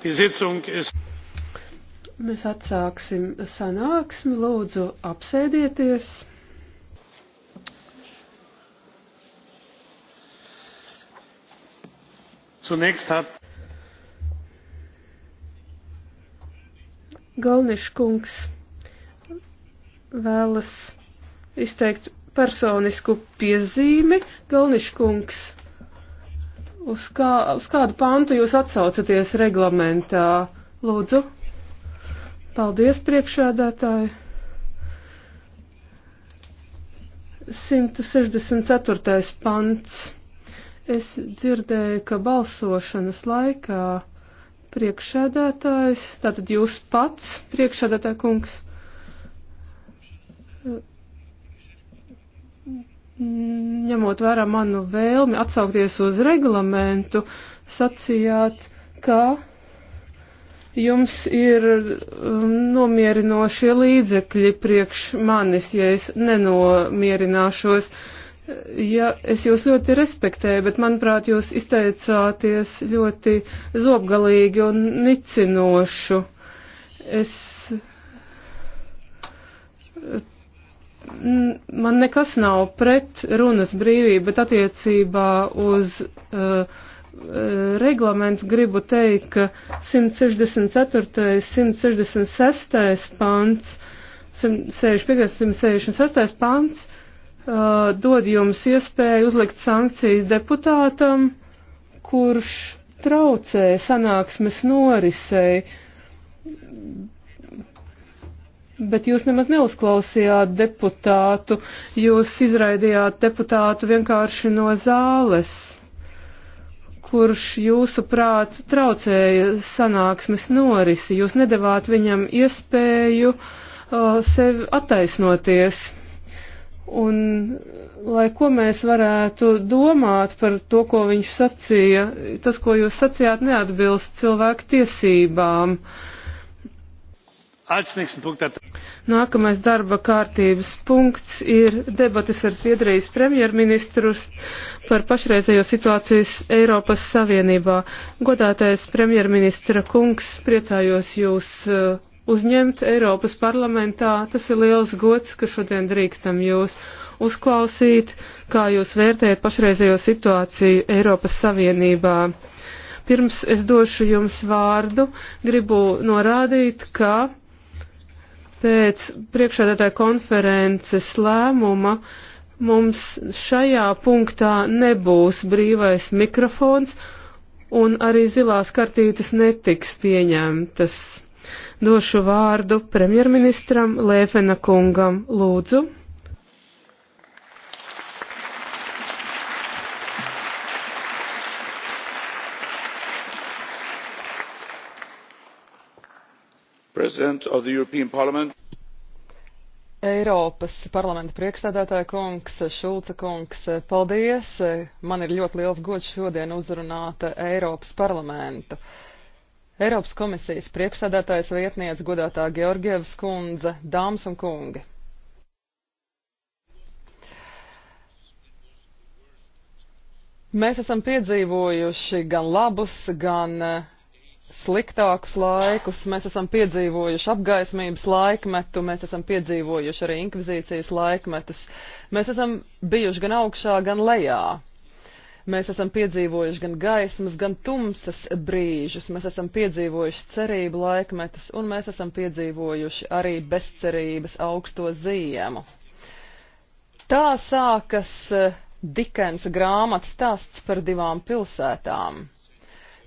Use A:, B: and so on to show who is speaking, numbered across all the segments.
A: Mēs
B: atsāksim sanāksmi. Lūdzu, apsēdieties. Zunächst hat Galnišs kungs vēlas izteikt personisku piezīmi. Galnišs kungs Uz, kā, uz kādu pantu jūs atsaucaties reglamentā? Lūdzu. Paldies, priekšādātāji. 164. pants. Es dzirdēju, ka balsošanas laikā priekšādātājs, tātad jūs pats, priekšādātāja kungs, ņemot vērā manu vēlmi atsaukties uz reglamentu, sacījāt, ka jums ir um, nomierinošie līdzekļi priekš manis, ja es nenomierināšos. Ja es jūs ļoti respektēju, bet manuprāt, jūs izteicāties ļoti zobgalīgi un nicinošu. Es man nekas nav pret runas brīvību, bet attiecībā uz uh, uh reglaments gribu teikt, ka 164. 166. pants, 165. 166. pants uh, dod jums iespēju uzlikt sankcijas deputātam, kurš traucē sanāksmes norisei Bet jūs nemaz neuzklausījāt deputātu, jūs izraidījāt deputātu vienkārši no zāles, kurš jūsu prāt traucēja sanāksmes norisi. Jūs nedavāt viņam iespēju uh, sevi attaisnoties. Un lai ko mēs varētu domāt par to, ko viņš sacīja, tas, ko jūs sacījāt, neatbilst cilvēku tiesībām. Uh, Nākamais darba kārtības punkts ir debatas ar Zviedrijas premjerministru par pašreizējo situācijas Eiropas Savienībā. Godātais premjerministra kungs, priecājos jūs uh, uzņemt Eiropas parlamentā. Tas ir liels gods, ka šodien drīkstam jūs uzklausīt, kā jūs vērtējat pašreizējo situāciju Eiropas Savienībā pirms es došu jums vārdu, gribu norādīt, ka Pēc priekšādātāja konferences lēmuma mums šajā punktā nebūs brīvais mikrofons un arī zilās kartītes netiks pieņemtas. Došu vārdu premjerministram Lēfena kungam lūdzu.
C: Eiropas parlamenta priekšsēdētāja kungs, Šulca kungs, paldies! Man ir ļoti liels gods šodien uzrunāt Eiropas parlamentu. Eiropas komisijas priekšsēdētājas vietniece godātā Georgievas kundze, dāmas un kungi. Mēs esam piedzīvojuši gan labus, gan uh, sliktākus laikus, mēs esam piedzīvojuši apgaismības laikmetu, mēs esam piedzīvojuši arī inkvizīcijas laikmetus. Mēs esam bijuši gan augšā, gan lejā. Mēs esam piedzīvojuši gan gaismas, gan tumsas brīžus, mēs esam piedzīvojuši cerību laikmetus, un mēs esam piedzīvojuši arī bezcerības augsto ziemu. Tā sākas eh, Dikensa grāmatas stāsts par divām pilsētām.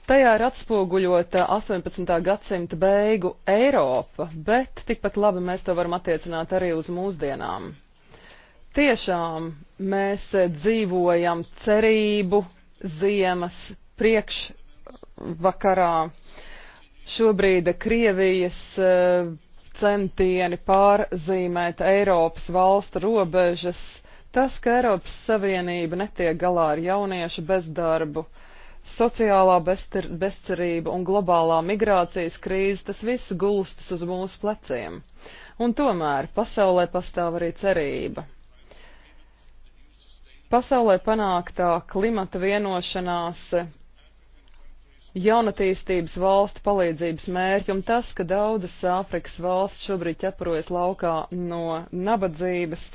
C: Tajā ir atspoguļota 18. gadsimta beigu Eiropa, bet tikpat labi mēs to varam attiecināt arī uz mūsdienām. Tiešām mēs dzīvojam cerību ziemas priekšvakarā. Šobrīd Krievijas eh, centieni pārzīmēt Eiropas valstu robežas, tas, ka Eiropas Savienība netiek galā ar jauniešu bezdarbu, uh, sociālā bestir, bezcerība un globālā migrācijas krīze, tas viss gulstas uz mūsu pleciem. Un tomēr pasaulē pastāv arī cerība. Pasaulē panāktā klimata vienošanās jaunatīstības valstu palīdzības mērķi un tas, ka daudzas Āfrikas valsts šobrīd ķeparojas laukā no nabadzības,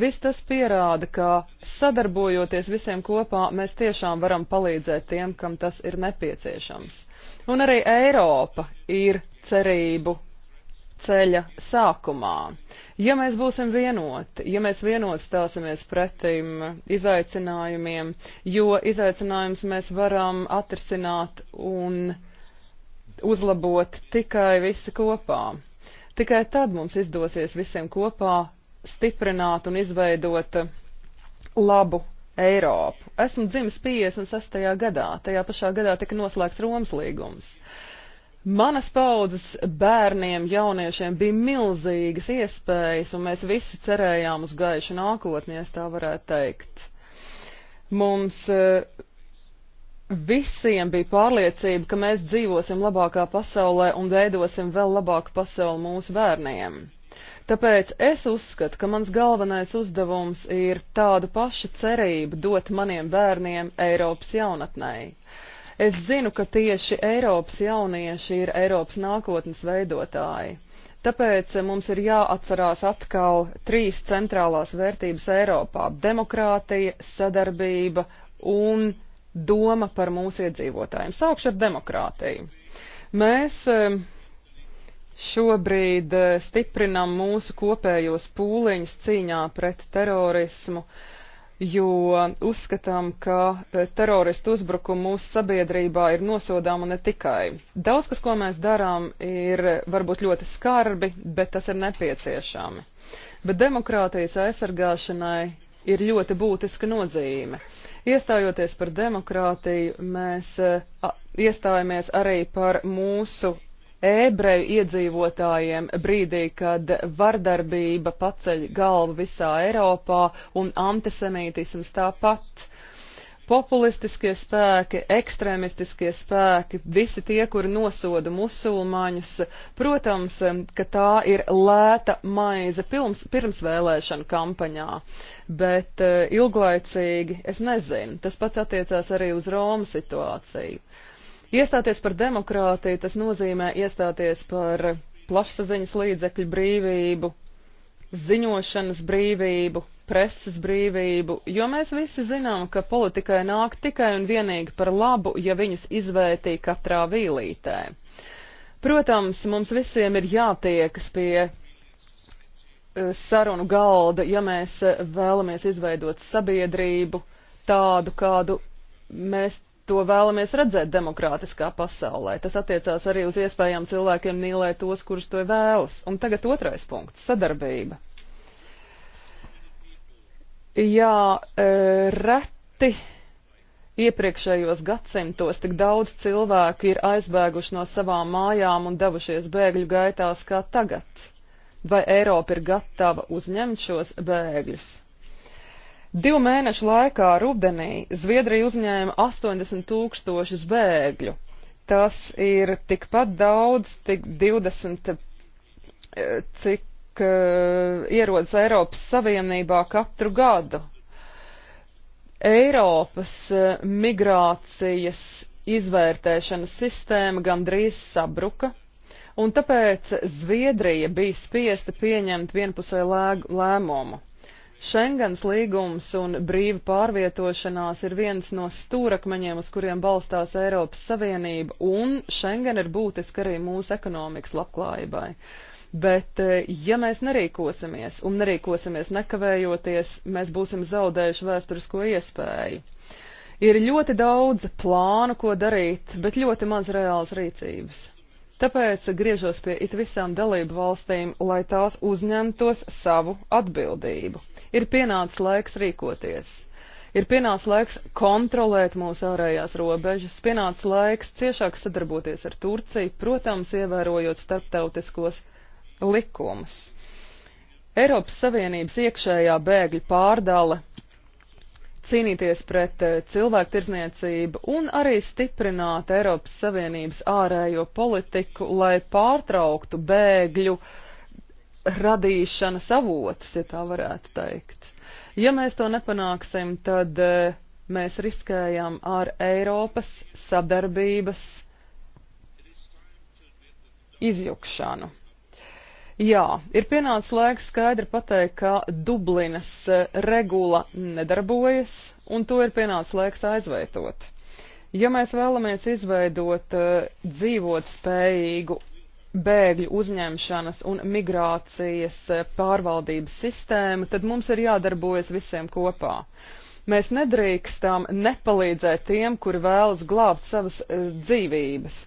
C: viss tas pierāda, ka sadarbojoties visiem kopā, mēs tiešām varam palīdzēt tiem, kam tas ir nepieciešams. Un arī Eiropa ir cerību ceļa sākumā. Ja mēs būsim vienoti, ja mēs vienot stāsimies pretim izaicinājumiem, jo izaicinājums mēs varam atrisināt un uzlabot tikai visi kopā. Tikai tad mums izdosies visiem kopā stiprināt un izveidot labu Eiropu. Esmu dzimis 56. gadā, tajā pašā gadā tika noslēgts Romas līgums. Uh, Manas paudzes bērniem, jauniešiem bija milzīgas iespējas, un mēs visi cerējām uz gaišu nākotni, ja tā varētu teikt. Mums eh, visiem bija pārliecība, ka mēs dzīvosim labākā pasaulē un veidosim vēl labāku pasauli mūsu bērniem. Tāpēc es uzskatu, ka mans galvenais uzdevums ir tādu pašu cerību dot maniem bērniem Eiropas jaunatnēji. Es zinu, ka tieši Eiropas jaunieši ir Eiropas nākotnes veidotāji. Tāpēc eh, mums ir jāatcerās atkal trīs centrālās vērtības Eiropā - demokrātija, sadarbība un doma par mūsu iedzīvotājiem. Sākšu ar demokrātiju. Mēs eh, šobrīd eh, stiprinam mūsu kopējos pūliņus cīņā pret terorismu. Uh, jo uzskatām, ka e, teroristu uzbrukumu mūsu sabiedrībā ir nosodāma ne tikai. Daudz, kas, ko mēs darām, ir varbūt ļoti skarbi, bet tas ir nepieciešami. Bet demokrātijas aizsargāšanai ir ļoti būtiska nozīme. Iestājoties par demokrātiju, mēs e, a, iestājamies arī par mūsu ebreju iedzīvotājiem brīdī, kad vardarbība paceļ galvu visā Eiropā un antisemītisms tāpat. Populistiskie spēki, ekstrēmistiskie spēki, visi tie, kuri nosoda musulmaņus, protams, ka tā ir lēta maize pirms, pirms vēlēšana kampaņā, bet eh, ilglaicīgi, es nezinu, tas pats attiecās arī uz Romu situāciju Iestāties par demokrātiju, tas nozīmē iestāties par plašsaziņas līdzekļu brīvību, ziņošanas brīvību, preses brīvību, jo mēs visi zinām, ka politikai nāk tikai un vienīgi par labu, ja viņus izvērtī katrā vīlītē. Protams, mums visiem ir jātiekas pie eh, sarunu galda, ja mēs eh, vēlamies izveidot sabiedrību tādu, kādu mēs to vēlamies redzēt demokrātiskā pasaulē. Tas attiecās arī uz iespējām cilvēkiem mīlēt tos, kurus to vēlas. Un tagad otrais punkts - sadarbība. Jā, e, reti iepriekšējos gadsimtos tik daudz cilvēku ir aizbēguši no savām mājām un devušies bēgļu gaitās kā tagad. Vai Eiropa ir gatava uzņemt šos bēgļus? Divu mēnešu laikā rudenī Zviedrija uzņēma 80 tūkstošus bēgļu. Tas ir tikpat daudz, tik 20, eh, cik uh, ierodas Eiropas Savienībā katru gadu. Eiropas uh, migrācijas izvērtēšanas sistēma gandrīz sabruka, un tāpēc Zviedrija bija spiesta pieņemt vienpusēju lēmumu. Šengens līgums un brīva pārvietošanās ir viens no stūrakmeņiem, uz kuriem balstās Eiropas Savienība, un Šengen ir būtiski arī mūsu ekonomikas labklājībai. Bet, eh, ja mēs nerīkosimies un nerīkosimies nekavējoties, mēs būsim zaudējuši vēsturisko iespēju. Ir ļoti daudz plānu, ko darīt, bet ļoti maz reāls rīcības. Tāpēc griežos pie it visām dalību valstīm, lai tās uzņemtos savu atbildību Ir pienācis laiks rīkoties. Ir pienācis laiks kontrolēt mūsu ārējās robežas, pienācis laiks ciešāk sadarboties ar Turciju, protams, ievērojot starptautiskos likumus. Eiropas Savienības iekšējā bēgļu pārdala cīnīties pret eh, cilvēktirzniecību un arī stiprināt Eiropas Savienības ārējo politiku, lai pārtrauktu bēgļu uh, radīšanas avotus, ja tā varētu teikt. Ja mēs to nepanāksim, tad e, mēs riskējam ar Eiropas sadarbības izjukšanu. Jā, ir pienācis laiks skaidri pateikt, ka Dublinas e, regula nedarbojas, un to ir pienācis laiks aizvietot. Ja mēs vēlamies izveidot e, dzīvot spējīgu bēgļu uzņemšanas un migrācijas eh, pārvaldības sistēmu, tad mums ir jādarbojas visiem kopā. Mēs nedrīkstam nepalīdzēt tiem, kuri vēlas glābt savas eh, dzīvības.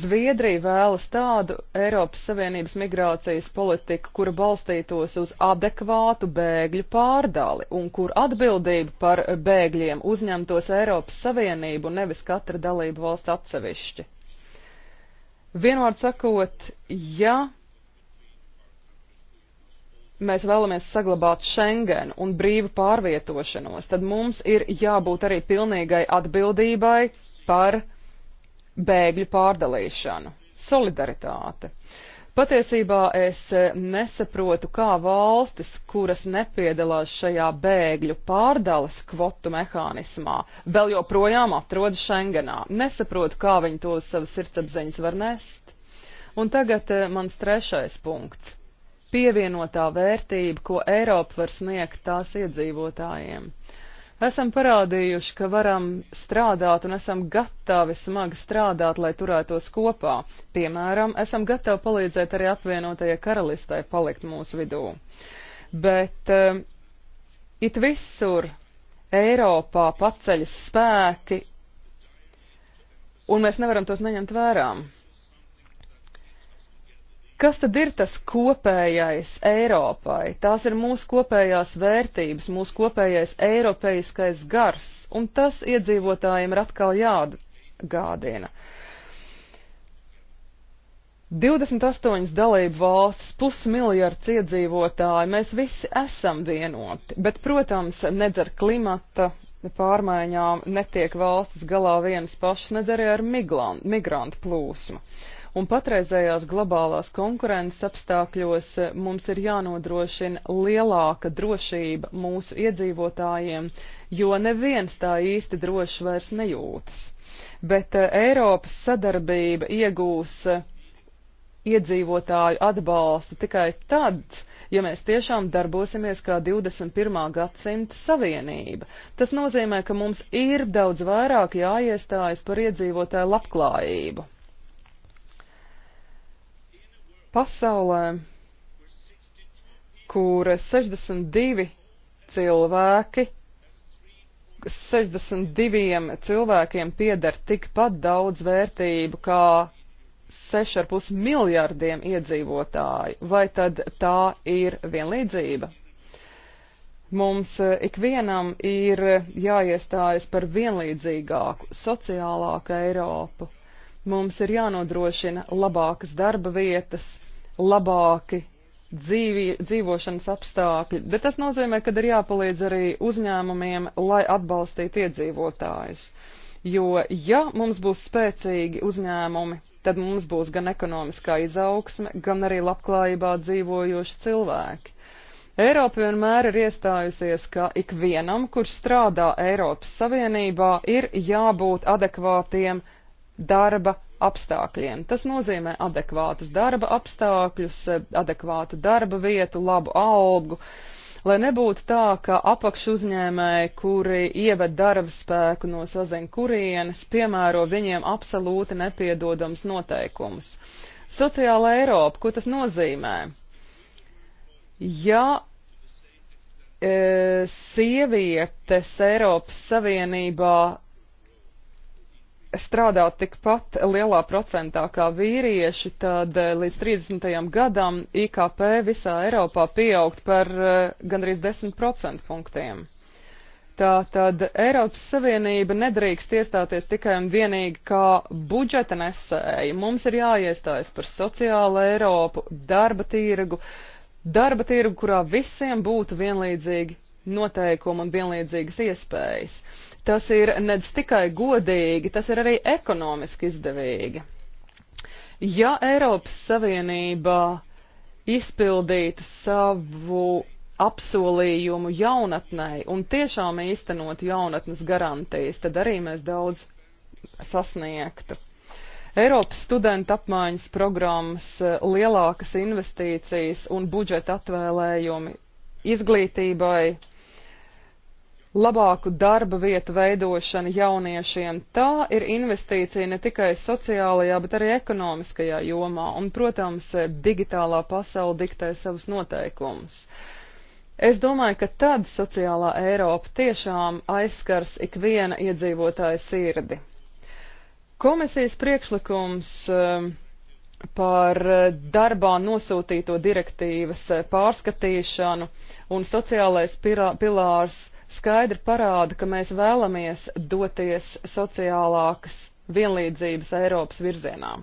C: Zviedrija vēlas tādu Eiropas Savienības migrācijas politiku, kura balstītos uz adekvātu bēgļu pārdali un kur atbildību par bēgļiem uzņemtos Eiropas Savienību, nevis katra dalība valsts atsevišķi. Vienvārds sakot, ja mēs vēlamies saglabāt Schengenu un brīvu pārvietošanos, tad mums ir jābūt arī pilnīgai atbildībai par bēgļu pārdalīšanu. Solidaritāte. Uh, Patiesībā es eh, nesaprotu, kā valstis, kuras nepiedalās šajā bēgļu pārdales kvotu mehānismā, vēl joprojām atrodas Schengenā. Nesaprotu, kā viņi to savas sirdsapziņas var nest. Un tagad eh, mans trešais punkts - pievienotā vērtība, ko Eiropa var sniegt tās iedzīvotājiem. Esam parādījuši, ka varam strādāt un esam gatavi smagi strādāt, lai turētos kopā. Piemēram, esam gatavi palīdzēt arī apvienotajai karalistai palikt mūsu vidū. Bet uh, it visur Eiropā paceļas spēki, un mēs nevaram tos neņemt vērām. Kas tad ir tas kopējais Eiropai? Tās ir mūsu kopējās vērtības, mūsu kopējais eiropeiskais gars, un tas iedzīvotājiem ir atkal jāatgādina. 28 dalību valstis, pusmiljards iedzīvotāji, mēs visi esam vienoti, bet, protams, nedz ar klimata pārmaiņām netiek valstis galā vienas pašas, nedz arī ar miglantu, migrantu plūsmu. Uh, un patreizējās globālās konkurences apstākļos eh, mums ir jānodrošina lielāka drošība mūsu iedzīvotājiem, jo neviens tā īsti droši vairs nejūtas. Bet eh, Eiropas sadarbība iegūs eh, iedzīvotāju atbalstu tikai tad, ja mēs tiešām darbosimies kā 21. gadsimta savienība. Tas nozīmē, ka mums ir daudz vairāk jāiestājas par iedzīvotāju labklājību pasaulē, kur 62 cilvēki, 62 cilvēkiem pieder tikpat daudz vērtību kā 6,5 miljardiem iedzīvotāju, vai tad tā ir vienlīdzība? Mums eh, ikvienam ir jāiestājas par vienlīdzīgāku, sociālāku Eiropu, Mums ir jānodrošina labākas darba vietas, labāki dzīvi, dzīvošanas apstākļi, bet tas nozīmē, ka ir jāpalīdz arī uzņēmumiem, lai atbalstītu iedzīvotājus. Jo, ja mums būs spēcīgi uzņēmumi, tad mums būs gan ekonomiskā izaugsme, gan arī labklājībā dzīvojoši cilvēki. Eiropa vienmēr ir iestājusies, ka ikvienam, kurš strādā Eiropas Savienībā, ir jābūt adekvātiem darba apstākļiem. Tas nozīmē adekvātus darba apstākļus, adekvātu darba vietu, labu algu, lai nebūtu tā, ka apakšu uzņēmēji, kuri ieved darba spēku no sazin kurienes, piemēro viņiem absolūti nepiedodams noteikumus. Sociāla Eiropa, ko tas nozīmē? Ja e, sievietes Eiropas Savienībā strādā tikpat lielā procentā kā vīrieši, tad eh, līdz 30. gadam IKP visā Eiropā pieaugt par eh, gandrīz 10% punktiem. Tātad Eiropas Savienība nedrīkst iestāties tikai un vienīgi kā budžeta nesēja. Mums ir jāiestājas par sociālu Eiropu, darba tirgu, darba tirgu, kurā visiem būtu vienlīdzīgi noteikumi un vienlīdzīgas iespējas. Uh, Tas ir nedz tikai godīgi, tas ir arī ekonomiski izdevīgi. Ja Eiropas Savienība izpildītu savu apsolījumu jaunatnei un tiešām īstenot jaunatnes garantijas, tad arī mēs daudz sasniegtu. Eiropas studenta apmaiņas programmas, lielākas investīcijas un budžeta atvēlējumi izglītībai labāku darba vietu veidošana jauniešiem. Tā ir investīcija ne tikai sociālajā, bet arī ekonomiskajā jomā, un, protams, digitālā pasaule diktē savus noteikumus. Es domāju, ka tad sociālā Eiropa tiešām aizskars ikviena iedzīvotāja sirdi. Komisijas priekšlikums um, par darbā nosūtīto direktīvas pārskatīšanu un sociālais pilārs skaidri parāda, ka mēs vēlamies doties sociālākas vienlīdzības Eiropas virzienā.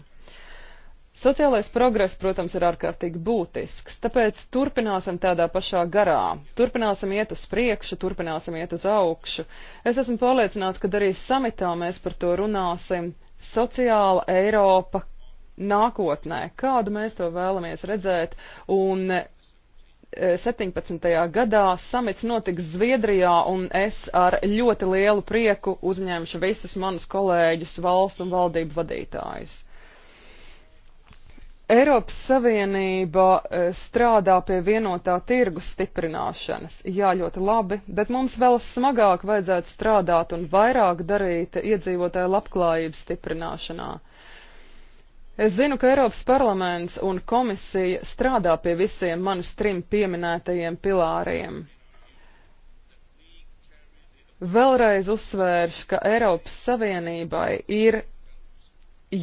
C: Sociālais progress, protams, ir ārkārtīgi būtisks, tāpēc turpināsim tādā pašā garā. Turpināsim iet uz priekšu, turpināsim iet uz augšu. Es esmu pārliecināts, ka arī samitā mēs par to runāsim. Sociāla Eiropa nākotnē, kādu mēs to vēlamies redzēt, un 17. Eh, gadā samits notiks Zviedrijā, un es ar ļoti lielu prieku uzņemšu visus manus kolēģus, valstu un valdību vadītājus. Eiropas Savienība eh, strādā pie vienotā tirgus stiprināšanas. Jā, ļoti labi, bet mums vēl smagāk vajadzētu strādāt un vairāk darīt iedzīvotāju labklājības stiprināšanā. Uh, Es zinu, ka Eiropas parlaments un komisija strādā pie visiem manis trim pieminētajiem pilāriem. Vēlreiz uzsvēršu, ka Eiropas Savienībai ir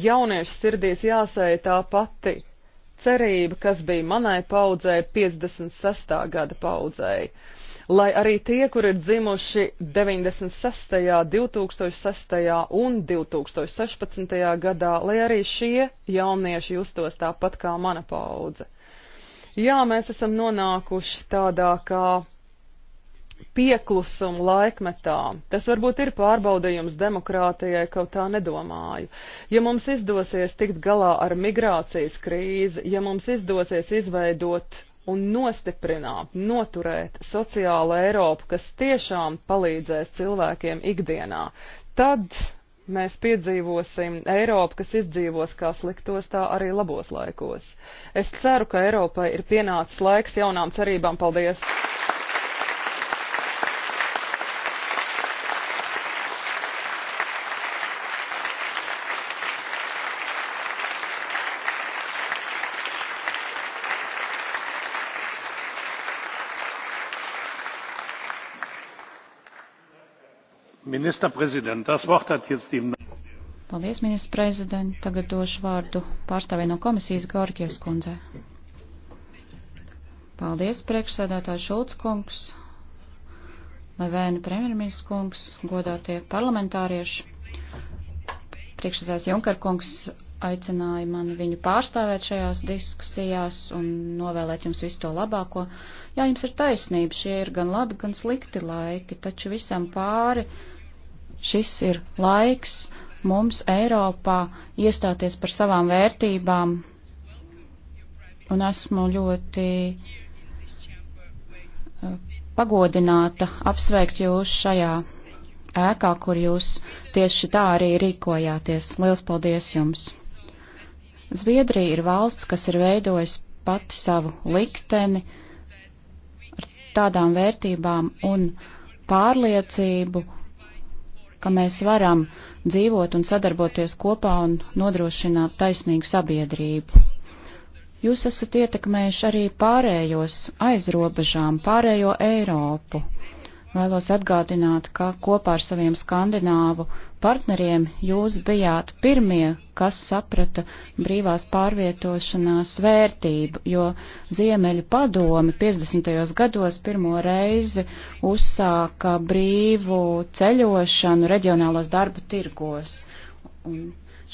C: jauniešu sirdīs jāsēja tā pati cerība, kas bija manai paudzē 56. gada paudzēji lai arī tie, kur ir dzimuši 96., 2006. un 2016. gadā, lai arī šie jaunieši justos tāpat kā mana paudze. Jā, mēs esam nonākuši tādā kā pieklusuma laikmetā. Tas varbūt ir pārbaudījums demokrātijai, kaut tā nedomāju. Ja mums izdosies tikt galā ar migrācijas krīzi, ja mums izdosies izveidot un nostiprināt, noturēt sociālu Eiropu, kas tiešām palīdzēs cilvēkiem ikdienā. Tad mēs piedzīvosim Eiropu, kas izdzīvos kā sliktos, tā arī labos laikos. Es ceru, ka Eiropai ir pienācis laiks jaunām cerībām. Paldies!
A: Ministerprezident, das Wort hat jetzt die.
D: Paldies, ministra prezident. Tagad došu vārdu pārstāvē no komisijas Gorgievs kundzē. Paldies, priekšsēdētāji Šulc kungs, Levēna premjerministrs kungs, godātie parlamentārieši. Priekšsēdētājs Junker kungs aicināja mani viņu pārstāvēt šajās diskusijās un novēlēt jums visu to labāko. Jā, jums ir taisnība, šie ir gan labi, gan slikti laiki, taču visam pāri Šis ir laiks mums Eiropā iestāties par savām vērtībām, un esmu ļoti eh, pagodināta apsveikt jūs šajā ēkā, kur jūs tieši tā arī rīkojāties. Liels paldies jums! Zviedrija ir valsts, kas ir veidojusi pati savu likteni ar tādām vērtībām un pārliecību, ka mēs varam dzīvot un sadarboties kopā un nodrošināt taisnīgu sabiedrību. Jūs esat ietekmējuši arī pārējos aizrobežām, pārējo Eiropu. Vēlos atgādināt, ka kopā ar saviem skandināvu partneriem jūs bijāt pirmie, kas saprata brīvās pārvietošanās vērtību, jo Ziemeļu padomi 50. gados pirmo reizi uzsāka brīvu ceļošanu reģionālos darba tirgos. Un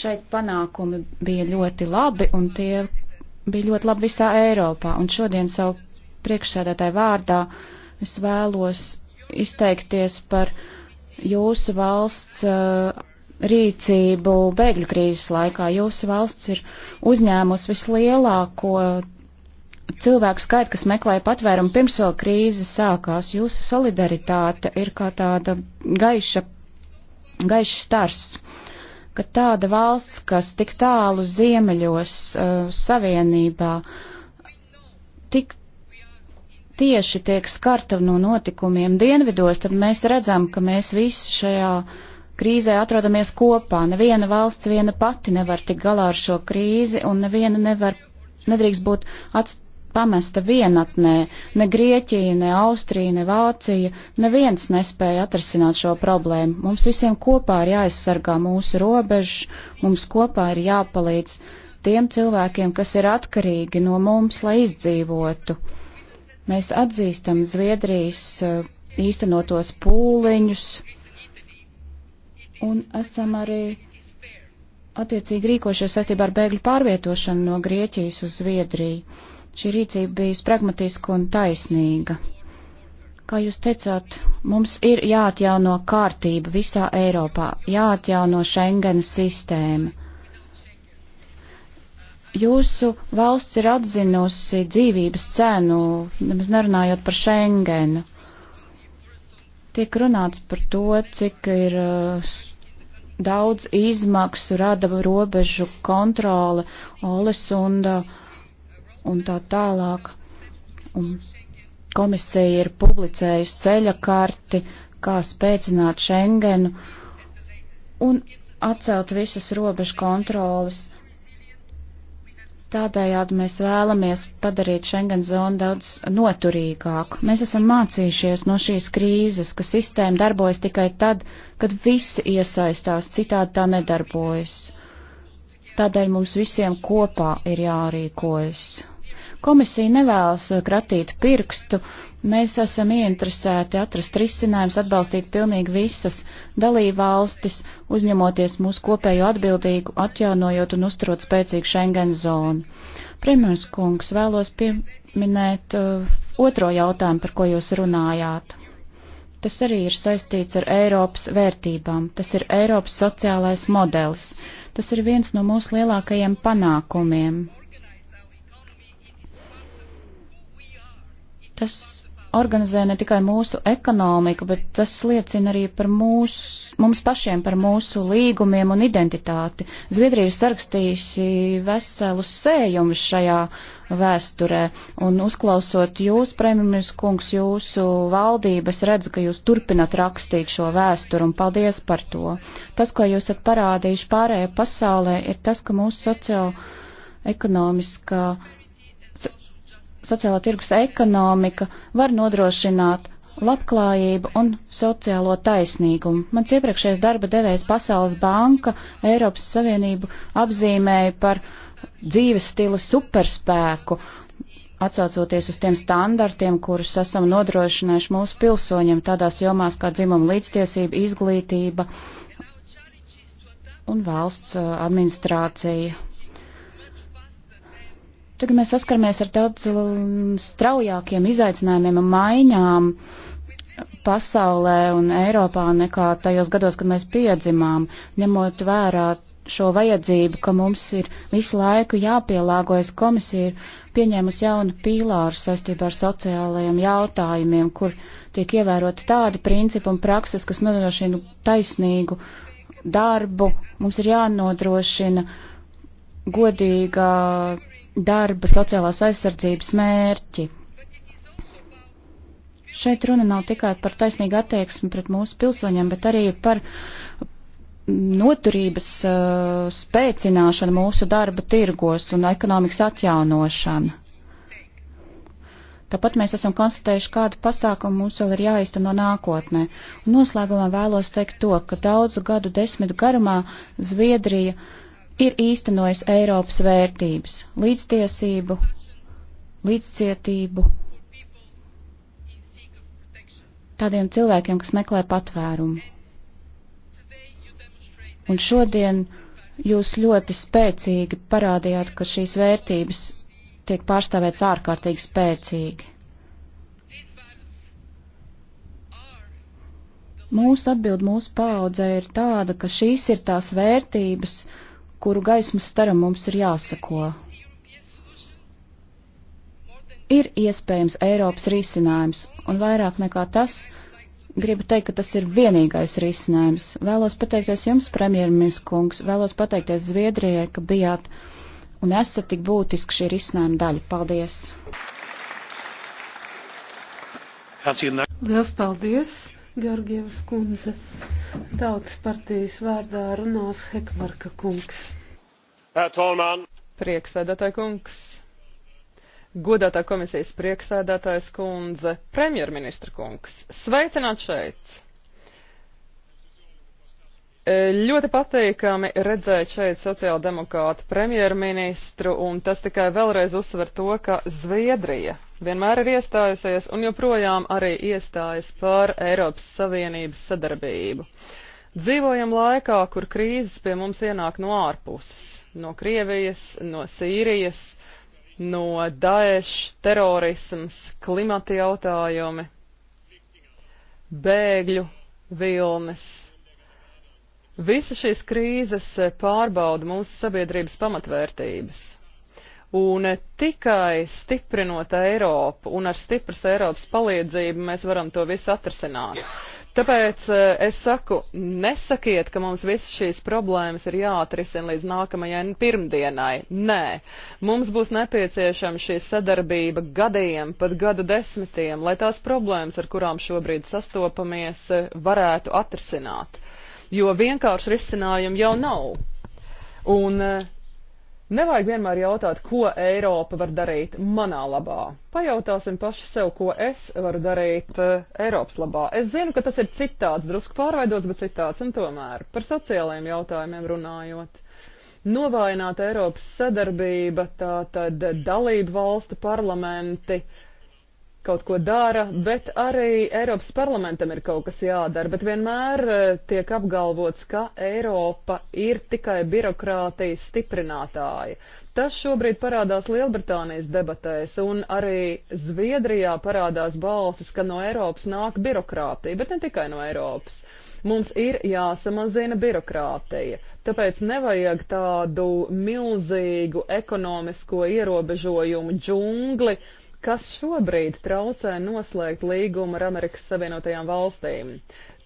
D: šeit panākumi bija ļoti labi, un tie bija ļoti labi visā Eiropā. Un šodien savu priekšsēdētāju vārdā es vēlos izteikties par jūsu valsts uh, rīcību bēgļu krīzes laikā. Jūsu valsts ir uzņēmus vislielāko cilvēku skaitu, kas meklēja patvērumu pirms vēl krīze sākās. Jūsu solidaritāte ir kā tāda gaiša, gaišs stars, ka tāda valsts, kas tik tālu ziemeļos uh, savienībā, tik tieši tiek skarta no notikumiem dienvidos, tad mēs redzam, ka mēs visi šajā krīzē atrodamies kopā. Neviena valsts viena pati nevar tik galā ar šo krīzi, un neviena nevar, nedrīkst būt atstāta pamesta vienatnē. Ne Grieķija, ne Austrija, ne Vācija, neviens nespēja atrisināt šo problēmu. Mums visiem kopā ir jāaizsargā mūsu robežas, mums kopā ir jāpalīdz tiem cilvēkiem, kas ir atkarīgi no mums, lai izdzīvotu. Mēs atzīstam Zviedrijas eh, īstenotos pūliņus un esam arī attiecīgi rīkošies saistībā ar bēgļu pārvietošanu no Grieķijas uz Zviedriju. Šī rīcība bijusi pragmatiska un taisnīga. Kā jūs teicāt, mums ir jāatjauno kārtība visā Eiropā, jāatjauno Schengenas sistēma. Jūsu valsts ir atzinusi dzīvības cenu, nemaz nerunājot par Schengenu. Tiek runāts par to, cik ir uh, daudz izmaksu rada robežu kontrole, olesunda uh, un tā tālāk. Un komisija ir publicējusi ceļa karti, kā spēcināt Schengenu un atcelt visas robežu kontrolas. Tādējādi mēs vēlamies padarīt Schengen zonu daudz noturīgāku. Mēs esam mācījušies no šīs krīzes, ka sistēma darbojas tikai tad, kad visi iesaistās, citādi tā nedarbojas. Tādēļ mums visiem kopā ir jārīkojas. Komisija nevēlas uh, kratīt pirkstu, mēs esam ieinteresēti atrast risinājums, atbalstīt pilnīgi visas dalībvalstis, uzņemoties mūsu kopējo atbildīgu, atjaunojot un uzturot spēcīgu Schengen zonu. Premjers kungs, vēlos pieminēt uh, otro jautājumu, par ko jūs runājāt. Tas arī ir saistīts ar Eiropas vērtībām. Tas ir Eiropas sociālais modelis. Tas ir viens no mūsu lielākajiem panākumiem. Tas organizē ne tikai mūsu ekonomiku, bet tas liecina arī par mūsu, mums pašiem par mūsu līgumiem un identitāti. Zviedrija ir sarakstījusi veselus sējumus šajā vēsturē, un uzklausot jūs, premjerministrs kungs, jūsu valdības, redzu, ka jūs turpinat rakstīt šo vēsturu, un paldies par to. Tas, ko jūs esat parādījuši pārējai pasaulē, ir tas, ka mūsu sociāla ekonomiskā sociālā tirgus ekonomika var nodrošināt labklājību un sociālo taisnīgumu. Mans iepriekšējais darba devējs Pasaules banka Eiropas Savienību apzīmēja par dzīves stila superspēku, atsaucoties uz tiem standartiem, kurus esam nodrošinājuši mūsu pilsoņiem tādās jomās kā dzimuma līdztiesība, izglītība un valsts uh, administrācija. Tagad mēs saskaramies ar daudz um, straujākiem izaicinājumiem un maiņām pasaulē un Eiropā nekā tajos gados, kad mēs piedzimām, ņemot vērā šo vajadzību, ka mums ir visu laiku jāpielāgojas komisija ir pieņēmusi jaunu pīlāru saistībā ar sociālajiem jautājumiem, kur tiek ievēroti tādi principi un prakses, kas nodrošina taisnīgu darbu. Mums ir jānodrošina godīga darba sociālās aizsardzības mērķi. Šeit runa nav tikai par taisnīgu attieksmi pret mūsu pilsoņiem, bet arī par noturības uh, spēcināšanu mūsu darba tirgos un ekonomikas atjaunošanu. Tāpat mēs esam konstatējuši, kādu pasākumu mums vēl ir jāizteno nākotnē. Un noslēgumā vēlos teikt to, ka daudzu gadu desmitu garumā Zviedrija uh, ir īstenojis Eiropas vērtības - līdztiesību, līdzcietību tādiem cilvēkiem, kas meklē patvērumu. Un šodien jūs ļoti spēcīgi parādījāt, ka šīs vērtības tiek pārstāvētas ārkārtīgi spēcīgi. Mūsu atbild mūsu paaudzē ir tāda, ka šīs ir tās vērtības, uh, kuru gaismas staram mums ir jāsako. Ir iespējams Eiropas risinājums, un vairāk nekā tas, gribu teikt, ka tas ir vienīgais risinājums. Vēlos pateikties jums, premjerministrs kungs, vēlos pateikties Zviedrijai, ka bijāt un esat tik būtiski šī risinājuma daļa. Paldies! Liels paldies! Georgievas kundze. Tautas
B: partijas vārdā runās Hekmarka kungs.
C: Prieksēdētāji kungs. Godātā komisijas prieksēdētājs kundze, premjerministra kungs, sveicināt šeit! E, ļoti pateikami redzēt šeit sociāldemokrātu premjerministru, un tas tikai vēlreiz uzsver to, ka Zviedrija vienmēr ir iestājusies un joprojām arī iestājas par Eiropas Savienības sadarbību. Dzīvojam laikā, kur krīzes pie mums ienāk no ārpuses - no Krievijas, no Sīrijas, no Daesh, terorisms, klimata jautājumi, bēgļu vilnis. Visa šīs krīzes pārbauda mūsu sabiedrības pamatvērtības Un tikai stiprinot Eiropu un ar stipras Eiropas palīdzību mēs varam to visu atrasināt. Tāpēc eh, es saku, nesakiet, ka mums visas šīs problēmas ir jāatrisina līdz nākamajai pirmdienai. Nē, mums būs nepieciešama šī sadarbība gadiem, pat gadu desmitiem, lai tās problēmas, ar kurām šobrīd sastopamies, eh, varētu atrisināt. Jo vienkārši risinājumu jau nav. Un eh, Nevajag vienmēr jautāt, ko Eiropa var darīt manā labā. Pajautāsim paši sev, ko es varu darīt uh, Eiropas labā. Es zinu, ka tas ir citāds, drusku pārveidots, bet citāds un tomēr par sociālajiem jautājumiem runājot. Novājināta Eiropas sadarbība, tā tad dalību valstu parlamenti, uh, kaut ko dara, bet arī Eiropas parlamentam ir kaut kas jādara, bet vienmēr eh, tiek apgalvots, ka Eiropa ir tikai birokrātijas stiprinātāja. Tas šobrīd parādās Lielbritānijas debatēs, un arī Zviedrijā parādās balsis, ka no Eiropas nāk birokrātija, bet ne tikai no Eiropas. Mums ir jāsamazina birokrātija, tāpēc nevajag tādu milzīgu ekonomisko ierobežojumu džungli, uh, kas šobrīd traucē noslēgt līgumu ar Amerikas Savienotajām valstīm.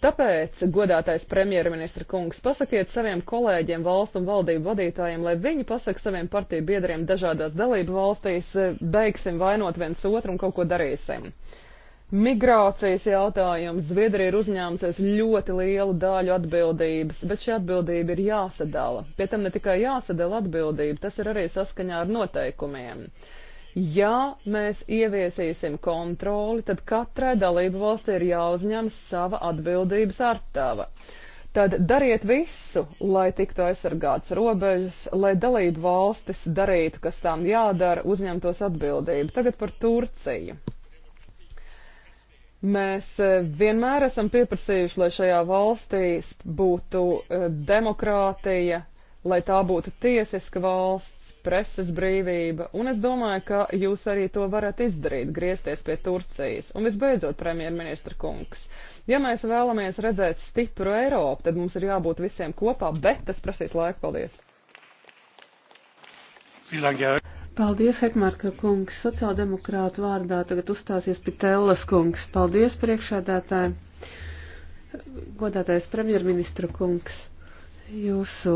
C: Tāpēc, godātais premjerministra kungs, pasakiet saviem kolēģiem, valstu un valdību vadītājiem, lai viņi pasaka saviem partiju biedriem dažādās dalību valstīs, eh, beigsim vainot viens otru un kaut ko darīsim. Migrācijas jautājums. Zviedrija ir uzņēmusies ļoti lielu daļu atbildības, bet šī atbildība ir jāsadala. Pie tam ne tikai jāsadala atbildība, tas ir arī saskaņā ar noteikumiem. Uh, Ja mēs ieviesīsim kontroli, tad katrai dalību valstī ir jāuzņemas sava atbildības artava. Tad dariet visu, lai tiktu aizsargāts robežas, lai dalību valstis darītu, kas tām jādara, uzņemtos atbildību. Tagad par Turciju. Mēs e, vienmēr esam pieprasījuši, lai šajā valstī būtu e, demokrātija, lai tā būtu tiesiska valsts preses brīvība, un es domāju, ka jūs arī to varat izdarīt, griezties pie Turcijas. Un visbeidzot, premjerministra kungs, ja mēs vēlamies redzēt stipru Eiropu, tad mums ir jābūt visiem kopā, bet tas prasīs laiku. Paldies!
B: Paldies, Hekmārka kungs. Sociāldemokrāta vārdā tagad uzstāsies Pitēlas kungs. Paldies, priekšādātāji. Godātais premjerministra kungs jūsu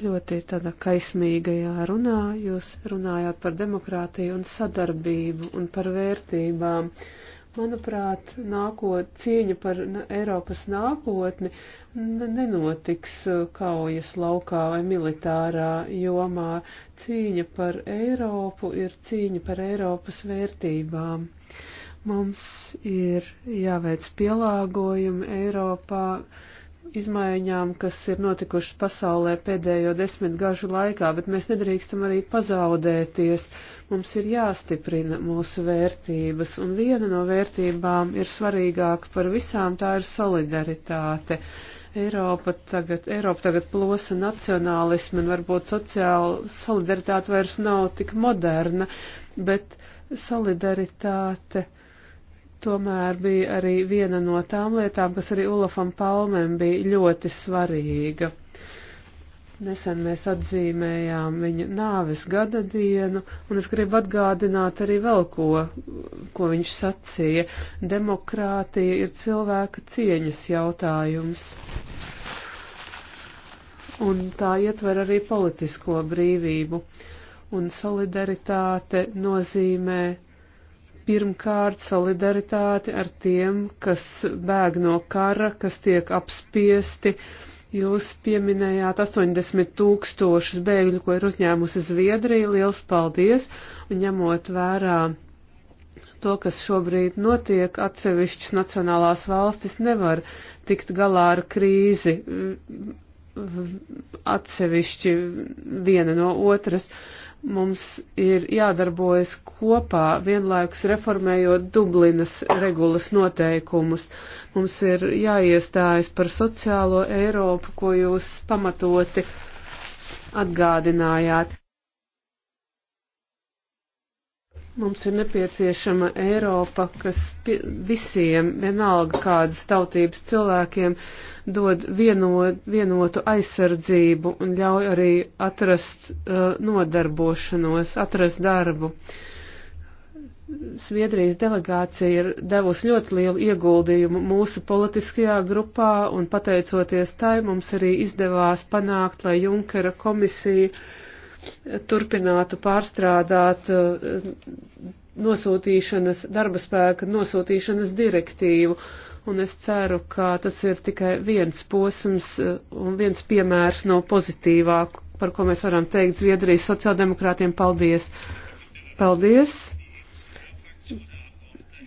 B: ļoti tādā kaismīgajā runā jūs runājāt par demokrātiju un sadarbību un par vērtībām. Manuprāt, nākot, cieņa par Eiropas nākotni nenotiks uh, kaujas laukā vai militārā jomā. Cīņa par Eiropu ir cīņa par Eiropas vērtībām. Mums ir jāveic pielāgojumi Eiropā izmaiņām, kas ir notikušas pasaulē pēdējo desmit gažu laikā, bet mēs nedrīkstam arī pazaudēties. Mums ir jāstiprina mūsu vērtības, un viena no vērtībām ir svarīgāka par visām, tā ir solidaritāte. Eiropa tagad, Eiropa tagad plosa nacionālismu un varbūt sociāla solidaritāte vairs nav tik moderna, bet solidaritāte. Uh, tomēr bija arī viena no tām lietām, kas arī Ulafam Palmēm bija ļoti svarīga. Nesen mēs atzīmējām viņa nāves gada dienu, un es gribu atgādināt arī vēl ko, ko viņš sacīja. Demokrātija ir cilvēka cieņas jautājums. Un tā ietver arī politisko brīvību. Un solidaritāte nozīmē Pirmkārt, solidaritāti ar tiem, kas bēg no kara, kas tiek apspiesti. Jūs pieminējāt 80 tūkstošus bēgļu, ko ir uzņēmusi Zviedrija. Liels paldies! Un ņemot vērā to, kas šobrīd notiek, atsevišķas nacionālās valstis nevar tikt galā ar krīzi atsevišķi viena no otras. Uh, Mums ir jādarbojas kopā, vienlaikus reformējot Dublinas regulas noteikumus. Mums ir jāiestājas par sociālo Eiropu, ko jūs pamatoti atgādinājāt. Mums ir nepieciešama Eiropa, kas visiem, vienalga kādas tautības cilvēkiem, dod vieno, vienotu aizsardzību un ļauj arī atrast uh, nodarbošanos, atrast darbu. Sviedrijas delegācija ir devusi ļoti lielu ieguldījumu mūsu politiskajā grupā, un pateicoties tai mums arī izdevās panākt, lai Junkera komisija uh, turpinātu pārstrādāt eh, nosūtīšanas, darba spēka nosūtīšanas direktīvu. Un es ceru, ka tas ir tikai viens posms eh, un viens piemērs no pozitīvāk, par ko mēs varam teikt Zviedrijas sociāldemokrātiem paldies. Paldies.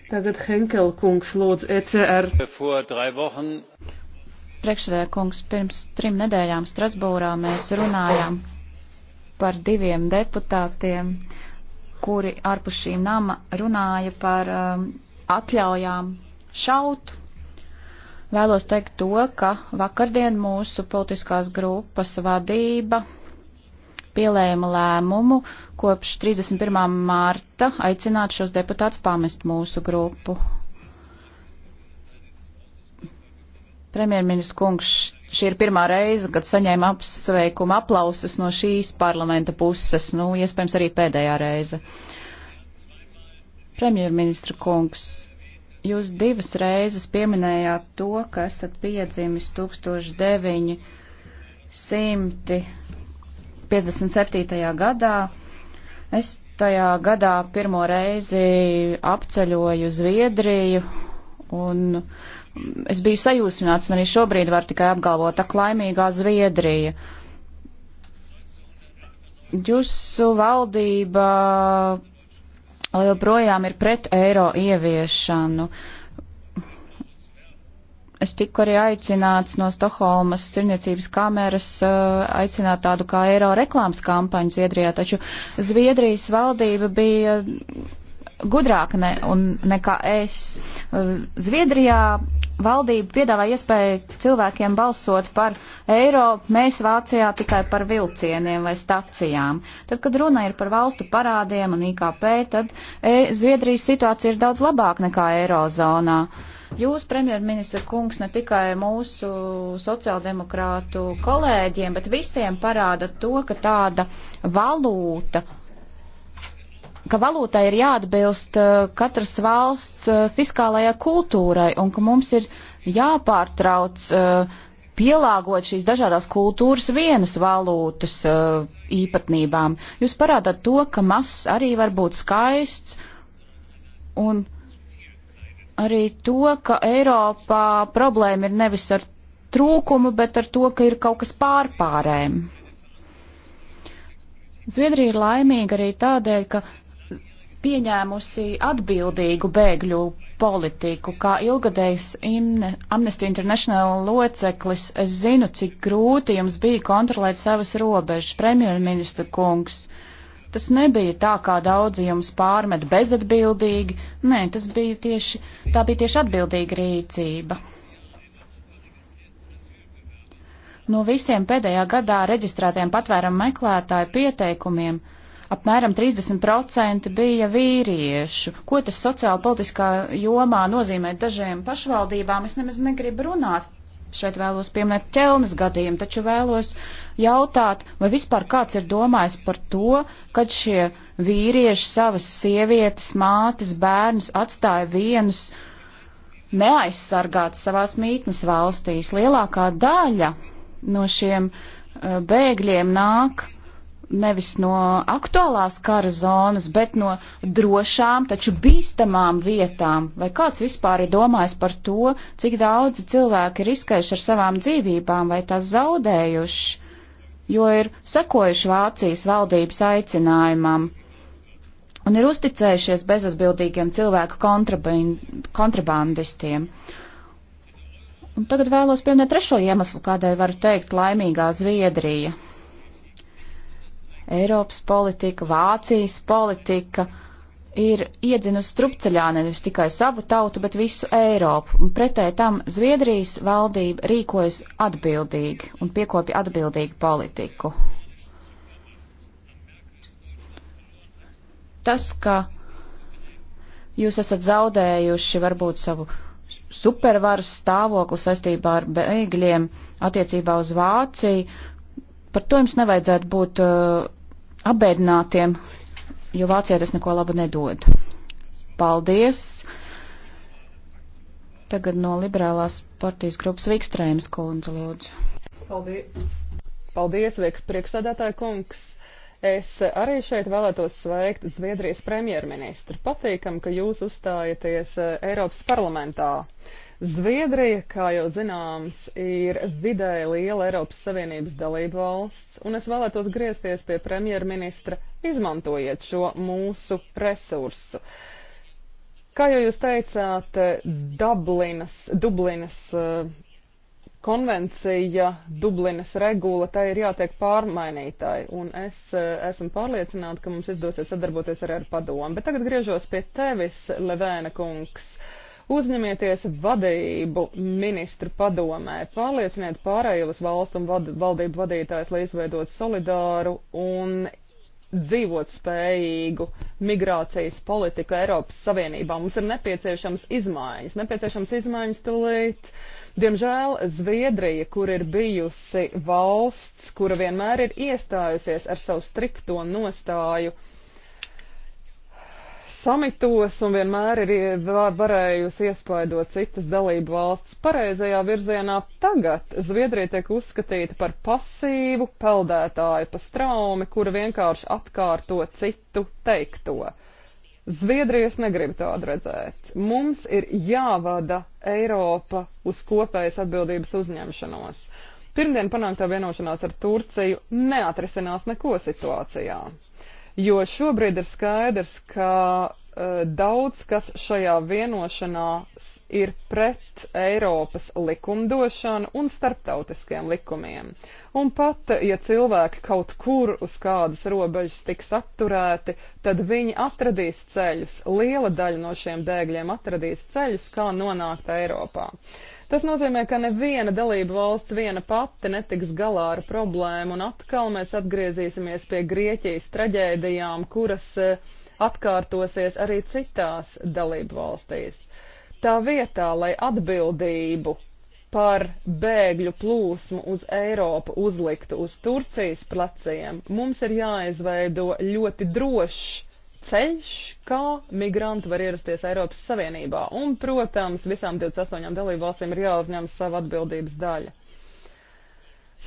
B: Tagad Henkel
A: kungs lūdz ECR.
D: Priekšsēdē kungs, pirms trim nedēļām Strasbūrā mēs runājām par diviem deputātiem, kuri ārpus šī nama runāja par um, atļaujām šaut. Vēlos teikt to, ka vakardien mūsu politiskās grupas vadība pielēma lēmumu kopš 31. mārta aicināt šos deputātus pamest mūsu grupu. Premjerministrs kungs Šī ir pirmā reize, kad saņēma apsveikumu aplausus no šīs parlamenta puses, nu, iespējams, arī pēdējā reize. Premjerministra kungs, jūs divas reizes pieminējāt to, ka esat piedzimis 1957. gadā. Es tajā gadā pirmo reizi apceļoju Zviedriju un uh, es biju sajūsmināts, un arī šobrīd var tikai apgalvot, tā laimīgā Zviedrija. Jūsu valdība joprojām ir pret eiro ieviešanu. Es tiku arī aicināts no Stokholmas cirniecības kameras eh, aicināt tādu kā eiro reklāmas kampaņu Zviedrijā, taču Zviedrijas valdība bija gudrāka ne, nekā es. Eh, Zviedrijā valdība piedāvā iespēju cilvēkiem balsot par eiro, mēs Vācijā tikai par vilcieniem vai stacijām. Tad, kad runa ir par valstu parādiem un IKP, tad e, Zviedrijas situācija ir daudz labāka nekā eirozonā. Jūs, premjerministra kungs, ne tikai mūsu sociāldemokrātu kolēģiem, bet visiem parāda to, ka tāda valūta ka valūtai ir jāatbilst eh, katras valsts eh, fiskālajai kultūrai un ka mums ir jāpārtrauc eh, pielāgot šīs dažādās kultūras vienas valūtas īpatnībām. Jūs parādāt to, ka mazs arī var būt skaists un arī to, ka Eiropā problēma ir nevis ar trūkumu, bet ar to, ka ir kaut kas pārpārēm. Zviedrija ir laimīga arī tādēļ, ka pieņēmusi atbildīgu bēgļu politiku. Kā ilgadējs Amnesty International loceklis, es zinu, cik grūti jums bija kontrolēt savas robežas, premjerministra kungs. Tas nebija tā, kā daudzi jums pārmet bezatbildīgi, nē, tas bija tieši, tā bija tieši atbildīga rīcība. No visiem pēdējā gadā reģistrētiem patvērumu meklētāju pieteikumiem apmēram 30% bija vīriešu. Ko tas sociāla politiskā jomā nozīmē dažiem pašvaldībām, es nemaz negribu runāt. Šeit vēlos pieminēt ķelnes gadījumu, taču vēlos jautāt, vai vispār kāds ir domājis par to, kad šie vīrieši savas sievietes, mātes, bērnus atstāja vienus neaizsargāts savās mītnes valstīs. Lielākā daļa no šiem eh, bēgļiem nāk nevis no aktuālās kara zonas, bet no drošām, taču bīstamām vietām. Vai kāds vispār ir domājis par to, cik daudzi cilvēki ir izskaiši ar savām dzīvībām vai tās zaudējuši, jo ir sekojuši Vācijas valdības aicinājumam un ir uzticējušies bezatbildīgiem cilvēku kontrabandistiem. Un tagad vēlos pieminēt trešo iemeslu, kādēļ varu teikt laimīgā Zviedrija. Eiropas politika, Vācijas politika ir iedzinusi strupceļā nevis tikai savu tautu, bet visu Eiropu, un pretēji tam Zviedrijas valdība rīkojas atbildīgi un piekopja atbildīgu politiku. Tas, ka jūs esat zaudējuši varbūt savu supervaras stāvokli saistībā ar bēgļiem attiecībā uz Vāciju, par to jums nevajadzētu būt uh, apbēdinātiem, jo Vācijā tas neko labu nedod. Paldies! Tagad no liberālās partijas grupas Vikstrēmas kundze lūdzu.
C: Paldies, Paldies priekšsēdētāja kungs! Es arī šeit vēlētos sveikt Zviedrijas premjerministru. Patīkam, ka jūs uzstājaties eh, Eiropas parlamentā. Uh, Zviedrija, kā jau zināms, ir vidēji liela Eiropas Savienības dalība valsts, un es vēlētos griezties pie premjerministra, izmantojiet šo mūsu resursu. Kā jau jūs teicāt, Dublinas, Dublinas eh, konvencija, Dublinas regula, tai ir jātiek pārmainītāji, un es eh, esmu pārliecināta, ka mums izdosies sadarboties arī ar padomu. Bet tagad griežos pie tevis, Levēna kungs. Uh, Uzņemieties vadību ministru padomē, pārlieciniet pārējos valstu un vad, valdību vadītājs, lai izveidot solidāru un dzīvot spējīgu migrācijas politiku Eiropas Savienībā. Mums ir nepieciešams izmaiņas, nepieciešams izmaiņas tulīt. Diemžēl Zviedrija, kur ir bijusi valsts, kura vienmēr ir iestājusies ar savu strikto nostāju, uh, samitos un vienmēr ir varējusi iespaidot citas dalību valsts pareizajā virzienā. Tagad Zviedrija tiek uzskatīta par pasīvu peldētāju pa straumi, kura vienkārši atkārto citu teikto. Zviedrijas negrib tādu redzēt. Mums ir jāvada Eiropa uz kopējas atbildības uzņemšanos. Pirmdien panāktā vienošanās ar Turciju neatrisinās neko situācijā jo šobrīd ir skaidrs, ka uh, daudz kas šajā vienošanās ir pret Eiropas likumdošanu un starptautiskiem likumiem. Un pat, ja cilvēki kaut kur uz kādas robežas tiks apturēti, tad viņi atradīs ceļus, liela daļa no šiem bēgļiem atradīs ceļus, kā nonākt Eiropā. Uh, Tas nozīmē, ka neviena dalība valsts viena pati netiks galā ar problēmu, un atkal mēs atgriezīsimies pie Grieķijas traģēdijām, kuras eh, atkārtosies arī citās dalību valstīs. Tā vietā, lai atbildību par bēgļu plūsmu uz Eiropu uzliktu uz Turcijas pleciem, mums ir jāizveido ļoti drošs ceļš, kā migranti var ierasties Eiropas Savienībā. Un, protams, visām 28 dalībvalstīm ir jāuzņem sava atbildības daļa.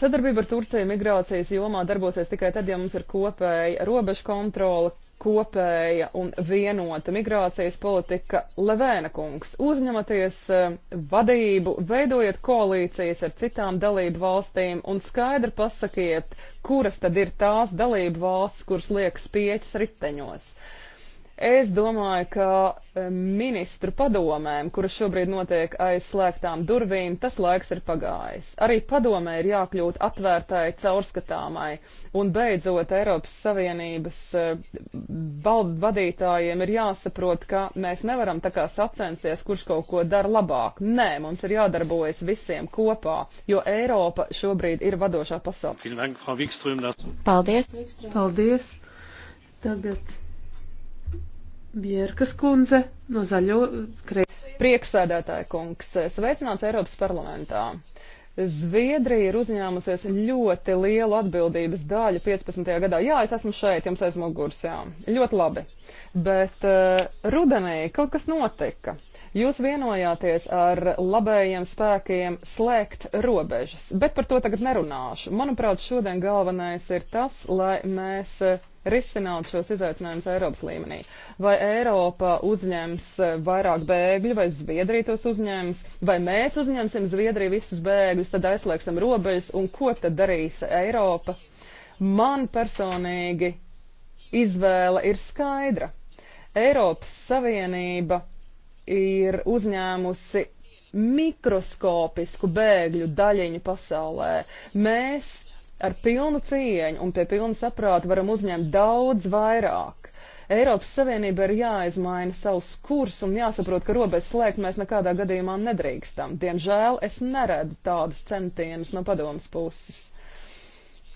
C: Sadarbība ar Turciju migrācijas jomā darbosies tikai tad, ja mums ir kopēja robežu kontrola, kopēja un vienota migrācijas politika Levēna kungs. Uzņematies eh, vadību, veidojiet koalīcijas ar citām dalību valstīm un skaidri pasakiet, kuras tad ir tās dalību valsts, kuras liekas pieķis riteņos. Uh, Es domāju, ka eh, ministru padomēm, kuras šobrīd notiek aizslēgtām durvīm, tas laiks ir pagājis. Arī padomē ir jākļūt atvērtai, caurskatāmai, un beidzot Eiropas Savienības eh, vadītājiem ir jāsaprot, ka mēs nevaram tā kā sacensties, kurš kaut ko dara labāk. Nē, mums ir jādarbojas visiem kopā, jo Eiropa šobrīd ir vadošā
A: pasaule. Paldies!
B: Paldies! Tagad
C: Bjerkas kundze no zaļo kreisajiem. Prieksēdētāja kungs, sveicināts Eiropas parlamentā. Zviedrija ir uzņēmusies ļoti lielu atbildības daļu 15. gadā. Jā, es esmu šeit, jums aiz muguras, jā. Ļoti labi. Bet uh, rudenī kaut kas notika. Jūs vienojāties ar labējiem spēkiem slēgt robežas, bet par to tagad nerunāšu. Manuprāt, šodien galvenais ir tas, lai mēs uh, risināt šos izaicinājumus Eiropas līmenī. Vai Eiropa uzņems eh, vairāk bēgļu, vai Zviedrija tos uzņems, vai mēs uzņemsim Zviedriju visus bēgļus, tad aizslēgsim robežas, un ko tad darīs Eiropa? Man personīgi izvēle ir skaidra. Eiropas Savienība ir uzņēmusi mikroskopisku bēgļu daļiņu pasaulē. Mēs ar pilnu cieņu un pie pilna saprāta varam uzņemt daudz vairāk. Eiropas Savienība ir jāizmaina savus kurs un jāsaprot, ka robežas slēgt mēs nekādā gadījumā nedrīkstam. Diemžēl es neredzu tādus centienus no padomas puses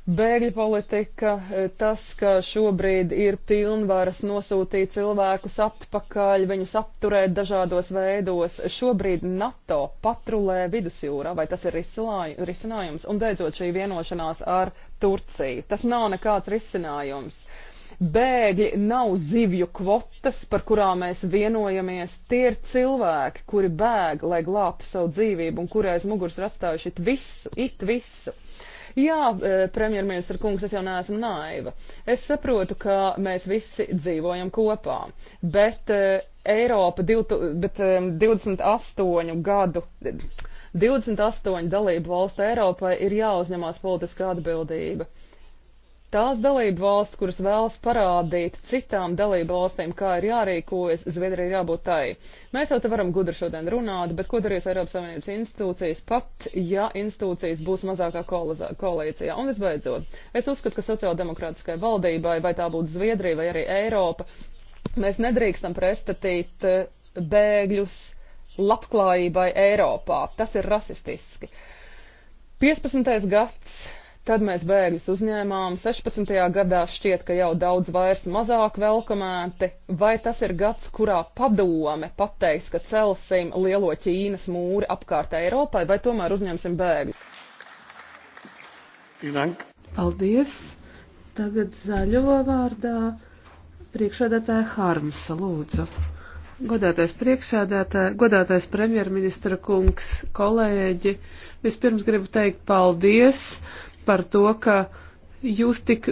C: bēgļu politika, e, tas, ka šobrīd ir pilnvaras nosūtīt cilvēkus atpakaļ, viņus apturēt dažādos veidos. Šobrīd NATO patrulē vidusjūrā, vai tas ir risinājums? Un beidzot šī vienošanās ar Turciju. Tas nav nekāds risinājums. Bēgļi nav zivju kvotas, par kurām mēs vienojamies. Tie ir cilvēki, kuri bēg, lai glābtu savu dzīvību un kurai aiz muguras rastājuši it visu, it visu. Jā, e, premjerministra kungs, es jau neesmu naiva. Es saprotu, ka mēs visi dzīvojam kopā, bet e, Eiropa divtu, bet 28 e, gadu. 28 dalību valstu Eiropai ir jāuzņemās politiskā atbildība. Tās dalību valsts, kuras vēlas parādīt citām dalību valstīm, kā ir jārīkojas, Zviedrija ir jābūt tai. Mēs jau te varam gudri šodien runāt, bet ko darīs Eiropas Savienības institūcijas, pat ja institūcijas būs mazākā koalīcijā? Un visbeidzot, es uzskatu, ka sociāldemokrātiskai valdībai, vai tā būtu Zviedrija vai arī Eiropa, mēs nedrīkstam prestatīt eh, bēgļus labklājībai Eiropā. Tas ir rasistiski. 15. gads Tad mēs bēgļus uzņēmām 16. gadā šķiet, ka jau daudz vairs mazāk velkamēti, vai tas ir gads, kurā padome pateiks, ka celsim lielo Ķīnas mūri apkārt Eiropai, vai tomēr uzņemsim bēgļus?
B: Paldies! Tagad zaļo vārdā priekšādātāja Harmsa lūdzu. Godātais priekšsēdētāji, godātais premjerministra kungs, kolēģi, vispirms gribu teikt paldies par to, ka jūs tik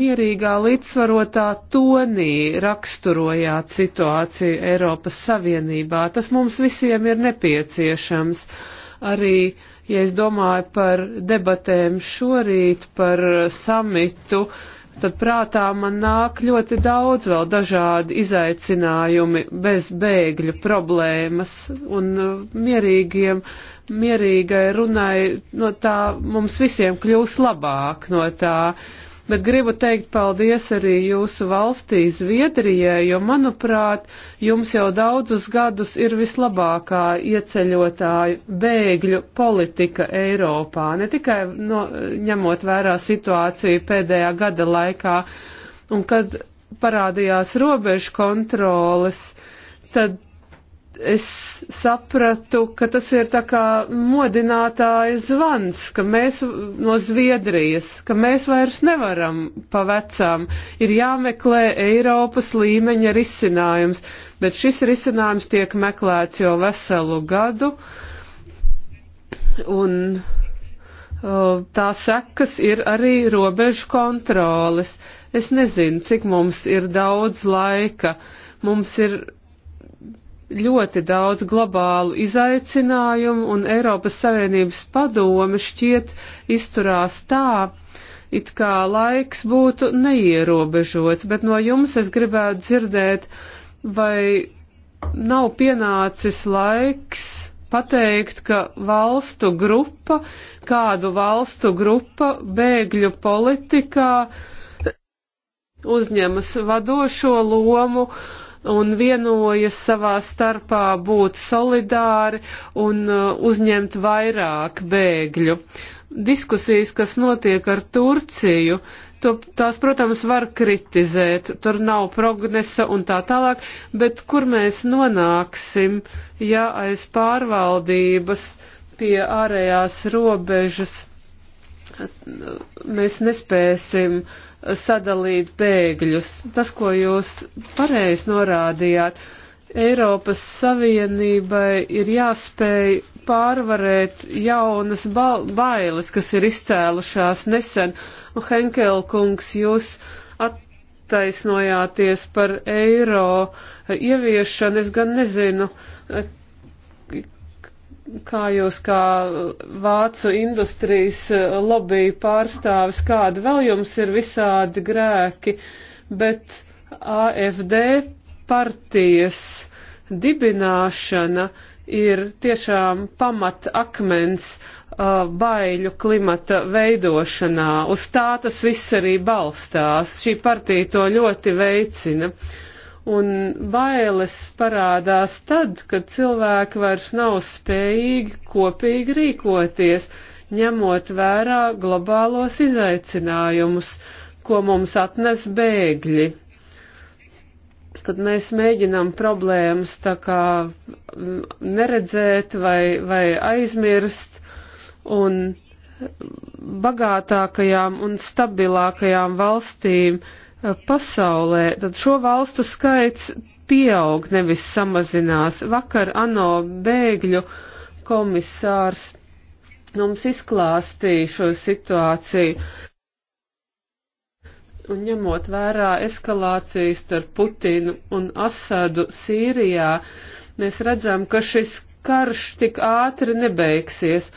B: mierīgā līdzsvarotā tonī raksturojāt situāciju Eiropas Savienībā. Tas mums visiem ir nepieciešams. Arī, ja es domāju par debatēm šorīt, par samitu, uh, tad prātā man nāk ļoti daudz vēl dažādi izaicinājumi bez bēgļu problēmas un uh, mierīgiem, mierīgai runai no tā mums visiem kļūs labāk no tā. Uh, bet gribu teikt paldies arī jūsu valstī Zviedrijai, jo, manuprāt, jums jau daudzus gadus ir vislabākā ieceļotāju bēgļu politika Eiropā, ne tikai no, ņemot vērā situāciju pēdējā gada laikā, un kad parādījās robežu kontroles, tad es sapratu, ka tas ir tā kā modinātājs zvans, ka mēs no Zviedrijas, ka mēs vairs nevaram pa vecām, ir jāmeklē Eiropas līmeņa risinājums, bet šis risinājums tiek meklēts jau veselu gadu, un tā sekas ir arī robežu kontroles. Es nezinu, cik mums ir daudz laika. Mums ir ļoti daudz globālu izaicinājumu, un Eiropas Savienības padome šķiet izturās tā, it kā laiks būtu neierobežots, bet no jums es gribētu dzirdēt, vai nav pienācis laiks pateikt, ka valstu grupa, kādu valstu grupa bēgļu politikā uzņemas vadošo lomu, uh, un vienojas savā starpā būt solidāri un uh, uzņemt vairāk bēgļu. Diskusijas, kas notiek ar Turciju, to, tās, protams, var kritizēt, tur nav progresa un tā tālāk, bet kur mēs nonāksim, ja aiz pārvaldības pie ārējās robežas mēs nespēsim sadalīt bēgļus. Tas, ko jūs pareizi norādījāt, Eiropas Savienībai ir jāspēj pārvarēt jaunas ba bailes, kas ir izcēlušās nesen. Un Henkelkungs, jūs attaisnojāties par eiro ieviešanu. Es gan nezinu, kā jūs kā vācu industrijas eh, lobby pārstāvis, kādi vēl jums ir visādi grēki, bet AFD partijas dibināšana ir tiešām pamat akmens uh, baiļu klimata veidošanā. Uz tā tas viss arī balstās. Šī partija to ļoti veicina. Uh, un bailes parādās tad, kad cilvēki vairs nav spējīgi kopīgi rīkoties, ņemot vērā globālos izaicinājumus, ko mums atnes bēgļi. Kad mēs mēģinām problēmas tā kā neredzēt vai, vai aizmirst, un bagātākajām un stabilākajām valstīm uh, pasaulē, tad šo valstu skaits pieaug, nevis samazinās. Vakar ANO bēgļu komisārs mums izklāstīja šo situāciju. Un ņemot vērā eskalācijas starp Putinu un Asadu Sīrijā, mēs redzam, ka šis karš tik ātri nebeigsies.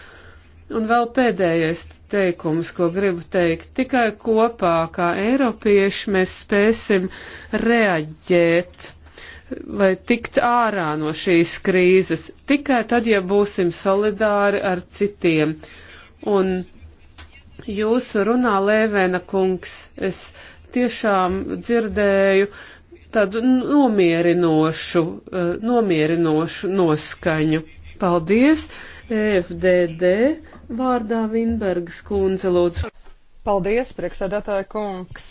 B: Un vēl pēdējais teikums, ko gribu teikt. Tikai kopā, kā eiropieši, mēs spēsim reaģēt vai tikt ārā no šīs krīzes. Tikai tad, ja būsim solidāri ar citiem. Un jūsu runā, Lēvēna kungs, es tiešām dzirdēju tādu nomierinošu, eh, nomierinošu noskaņu.
C: Paldies, EFDD. Vārdā Vinbergas kundze lūdzu. Paldies, priekšsēdētāja kungs.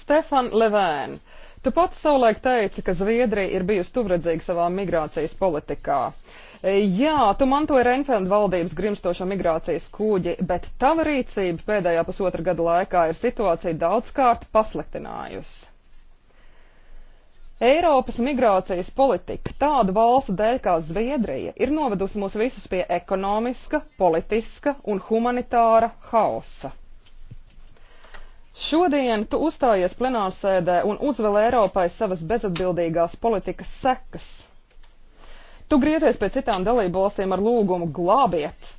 C: Stefan Levēn, tu pats savulaik teici, ka Zviedrija ir bijusi tuvredzīga savā migrācijas politikā. Jā, tu mantoji Reinfelda valdības grimstošo migrācijas kūģi, bet tava rīcība pēdējā pusotra gada laikā ir situācija daudzkārt pasliktinājusi. Eiropas migrācijas politika tādu valstu dēļ kā Zviedrija ir novedusi mūs visus pie ekonomiska, politiska un humanitāra hausa. Šodien tu uzstājies plenārsēdē un uzvel Eiropai savas bezatbildīgās politikas sekas. Tu griezies pie citām dalību valstīm ar lūgumu glābiet,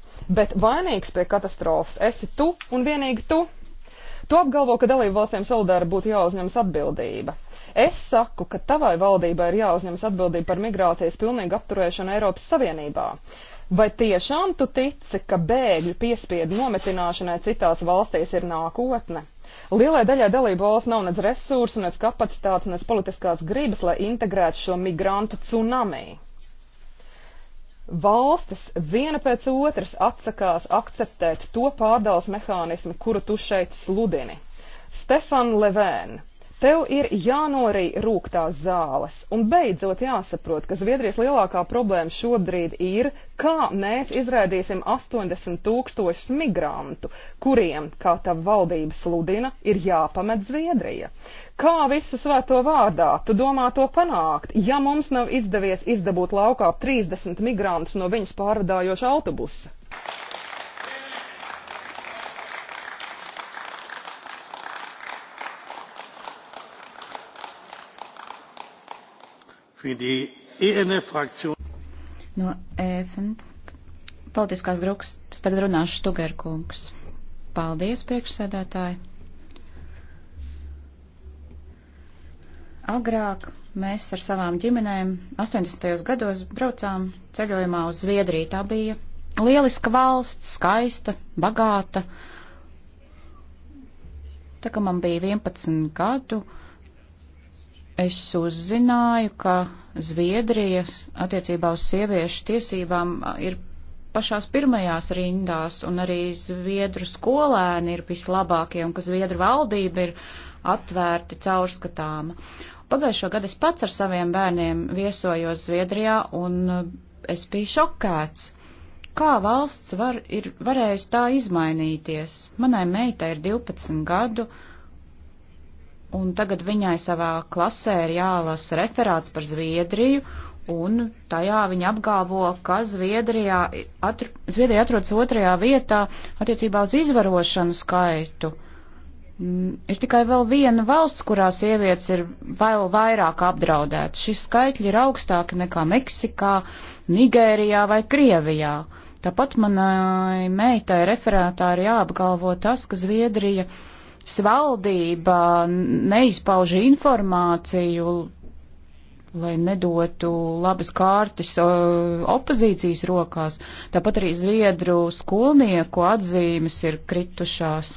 C: bet vainīgs pie katastrofas esi tu un vienīgi tu. Tu apgalvo, ka dalību valstīm solidāri būtu jāuzņemas atbildība. Es saku, ka tavai valdībai ir jāuzņemas atbildība par migrācijas pilnīgu apturēšanu Eiropas Savienībā. Vai tiešām tu tici, ka bēgļu piespiedu nometināšanai citās valstīs ir nākotne? Lielai daļai dalību valsts nav nec resursu, nec kapacitātes, nec politiskās gribas, lai integrētu šo migrantu tsunami. Valstis viena pēc otras atsakās akceptēt to pārdales mehānismu, kuru tu šeit sludini. Stefan Levēn, Tev ir jānorī rūk tās zāles, un beidzot jāsaprot, ka Zviedrijas lielākā problēma šobrīd ir, kā mēs izraidīsim 80 tūkstošus migrantu, kuriem, kā tava valdība sludina, ir jāpamet Zviedrija. Kā visu svēto vārdā tu domā to panākt, ja mums nav izdevies izdabūt laukā 30 migrantus no viņus pārvadājoša autobusa?
A: für die ENF Fraktion.
D: No EFN politiskās grupas tagad runās Štugerkungs. Paldies, priekšsēdētāji. Agrāk mēs ar savām ģimenēm 80. gados braucām ceļojumā uz Zviedriju. Tā bija lieliska valsts, skaista, bagāta. Tā kā man bija 11 gadu, uh, es uzzināju, ka Zviedrija attiecībā uz sieviešu tiesībām ir pašās pirmajās rindās, un arī Zviedru skolēni ir vislabākie, un ka Zviedru valdība ir atvērti caurskatāma. Pagājušo gadu es pats ar saviem bērniem viesojos Zviedrijā, un uh, es biju šokēts, kā valsts var, ir varējusi tā izmainīties. Manai meitai ir 12 gadu, uh, un tagad viņai savā klasē ir jālasa referāts par Zviedriju, un tajā viņa apgalvo, ka Zviedrijā atr Zviedrija atrodas otrajā vietā attiecībā uz izvarošanu skaitu. Mm, ir tikai vēl viena valsts, kurā sievietes ir vēl vairāk apdraudētas. Šis skaitļi ir augstāki nekā Meksikā, Nigērijā vai Krievijā. Tāpat manai meitai referētā ir jāapgalvo tas, ka Zviedrija uh, valdība neizpauž informāciju, lai nedotu labas kārtas opozīcijas rokās. Tāpat arī Zviedru skolnieku atzīmes ir kritušās.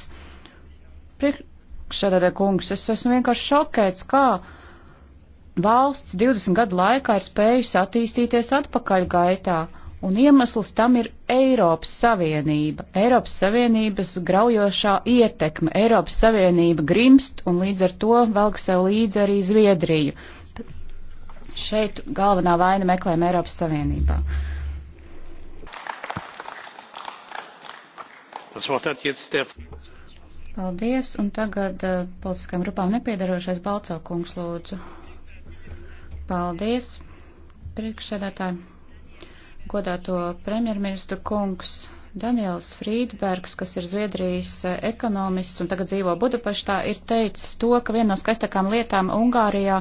D: Priekšādā kungs, es esmu vienkārši šokēts, kā valsts 20 gadu laikā ir spējusi attīstīties atpakaļ gaitā. Un iemesls tam ir Eiropas Savienība, Eiropas Savienības graujošā ietekme. Eiropas Savienība grimst un līdz ar to velk sev līdzi arī Zviedriju. Šeit galvenā vaina meklējama Eiropas Savienībā. Paldies, un tagad uh, politiskajām grupām nepiedarošais Balco kungs lūdzu. Paldies, priekšsēdētāji godāto premjerministru kungs. Daniels Frīdbergs, kas ir Zviedrijas eh, ekonomists un tagad dzīvo Budapeštā, ir teicis to, ka viena no skaistākām lietām Ungārijā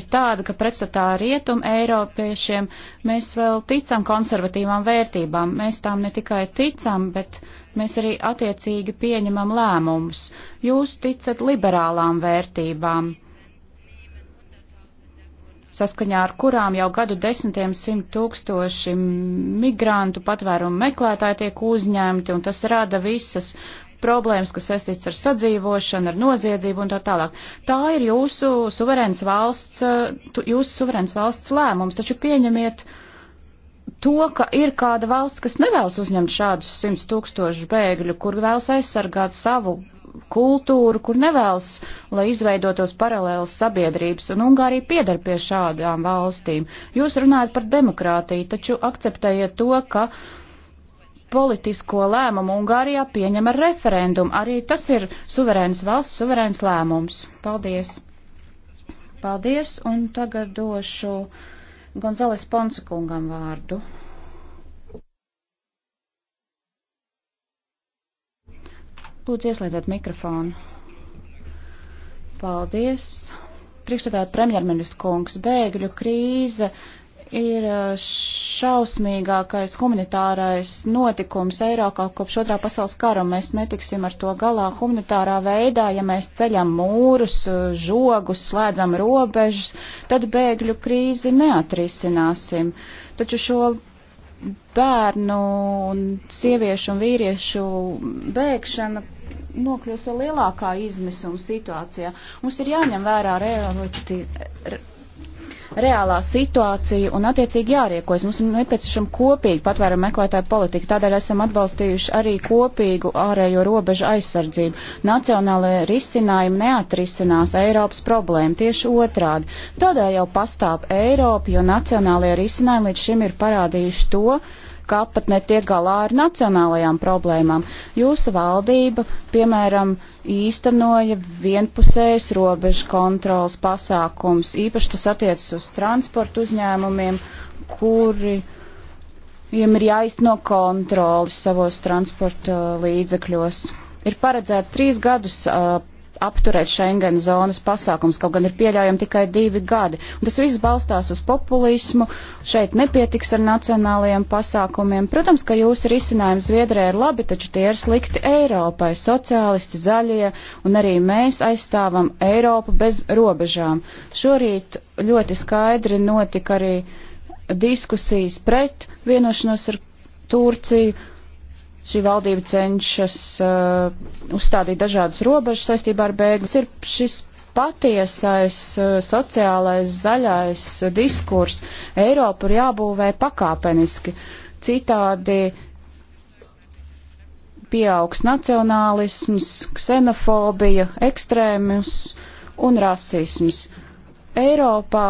D: ir tāda, ka pretstatā rietum eiropiešiem mēs vēl ticam konservatīvām vērtībām. Mēs tām ne tikai ticam, bet mēs arī attiecīgi pieņemam lēmumus. Jūs ticat liberālām vērtībām saskaņā ar kurām jau gadu desmitiem simt tūkstoši migrantu patvērumu meklētāji tiek uzņemti, un tas rada visas problēmas, kas saistīts ar sadzīvošanu, ar noziedzību un tā tālāk. Tā ir jūsu suverēns valsts, jūsu suverēns valsts lēmums, taču pieņemiet to, ka ir kāda valsts, kas nevēlas uzņemt šādus simts tūkstošu bēgļu, kur vēlas aizsargāt savu kultūru, kur nevēlas, lai izveidotos paralēlas sabiedrības, un Ungārija piedar pie šādām valstīm. Jūs runājat par demokrātiju, taču akceptējiet to, ka politisko lēmumu Ungārijā pieņem ar referendumu. Arī tas ir suverēns valsts, suverēns lēmums. Paldies! Paldies, un tagad došu Gonzales Ponsa kungam vārdu. Lūdzu, ieslēdziet mikrofonu. Paldies. Priekšstādāja premjerministra kungs, bēgļu krīze ir uh, šausmīgākais humanitārais notikums Eiropā kopš otrā pasaules kara, un mēs netiksim ar to galā humanitārā veidā, ja mēs ceļam mūrus, uh, žogus, slēdzam robežas, tad bēgļu krīzi neatrisināsim. Taču šo bērnu un sieviešu un vīriešu bēgšana nokļūs vēl lielākā izmisuma situācijā. Mums ir jāņem vērā realiti, re, reālā situācija un attiecīgi jārīkojas. Mums ir nepieciešama kopīga patvēra meklētāja politika, tādēļ esam atbalstījuši arī kopīgu ārējo robežu aizsardzību. Nacionālajie risinājumi neatrisinās Eiropas problēmu, tieši otrādi. Tādēļ jau pastāv Eiropa, jo nacionālajie risinājumi līdz šim ir parādījuši to, kā pat netiek galā ar nacionālajām problēmām. Jūsu valdība, piemēram, īstenoja vienpusējas robežu kontrolas pasākums, īpaši tas attiecas uz transportu uzņēmumiem, kuri viņiem ir jāizno kontroli savos transporta līdzekļos. Ir paredzēts trīs gadus uh, apturēt Schengen zonas pasākums, kaut gan ir pieļaujami tikai divi gadi. Un tas viss balstās uz populismu, šeit nepietiks ar nacionālajiem pasākumiem. Protams, ka jūsu risinājumi Zviedrijai ir labi, taču tie ir slikti Eiropai. Sociālisti, zaļie un arī mēs aizstāvam Eiropu bez robežām. Šorīt ļoti skaidri notika arī diskusijas pret vienošanos ar Turciju Šī valdība cenšas uh, uzstādīt dažādas robežas saistībā ar bēgļus. Ir šis patiesais uh, sociālais zaļais uh, diskurs. Eiropu ir jābūvē pakāpeniski. Citādi pieaugs nacionālisms, ksenofobija, ekstrēmisms un rasisms. Eiropā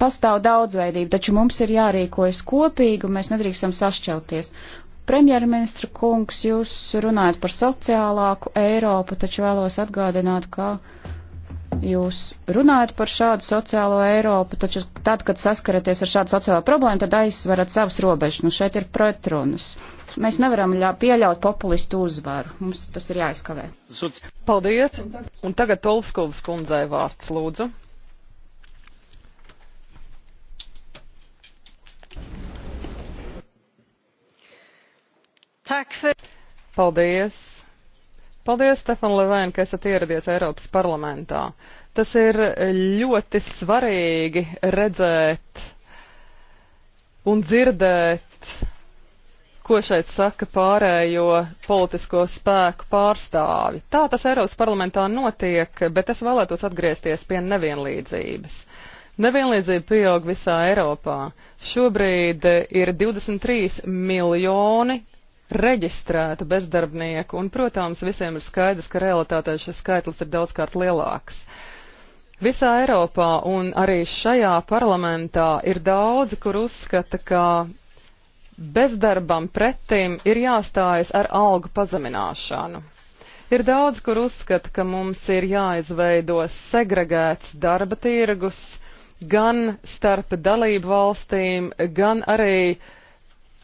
D: pastāv daudzveidība, taču mums ir jārīkojas kopīgi un mēs nedrīkstam sašķelties. Premjerministra kungs, jūs runājat par sociālāku Eiropu, taču vēlos atgādināt, ka jūs runājat par šādu sociālo Eiropu, taču tad, kad saskaraties ar šādu sociālo problēmu, tad aizsverat savus robežas. Nu, šeit ir pretrunas. Mēs nevaram ļā, pieļaut populistu uzvaru. Mums tas ir
C: jāizkavē. Paldies! Un tagad Tolskovas kundzei vārds, lūdzu. Paldies! Paldies, Stefan Levēn, ka esat ieradies Eiropas parlamentā. Tas ir ļoti svarīgi redzēt un dzirdēt, ko šeit saka pārējo politisko spēku pārstāvi. Tā tas Eiropas parlamentā notiek, bet es vēlētos atgriezties pie nevienlīdzības. Nevienlīdzība pieaug visā Eiropā. Šobrīd ir 23 miljoni reģistrētu bezdarbnieku, un, protams, visiem ir skaidrs, ka realitātē šis skaitlis ir daudzkārt lielāks. Visā Eiropā un arī šajā parlamentā ir daudzi, kur uzskata, ka bezdarbam pretim ir jāstājas ar algu pazemināšanu. Ir daudz, kur uzskata, ka mums ir jāizveido segregēts darba tirgus gan starp dalību valstīm, gan arī uh,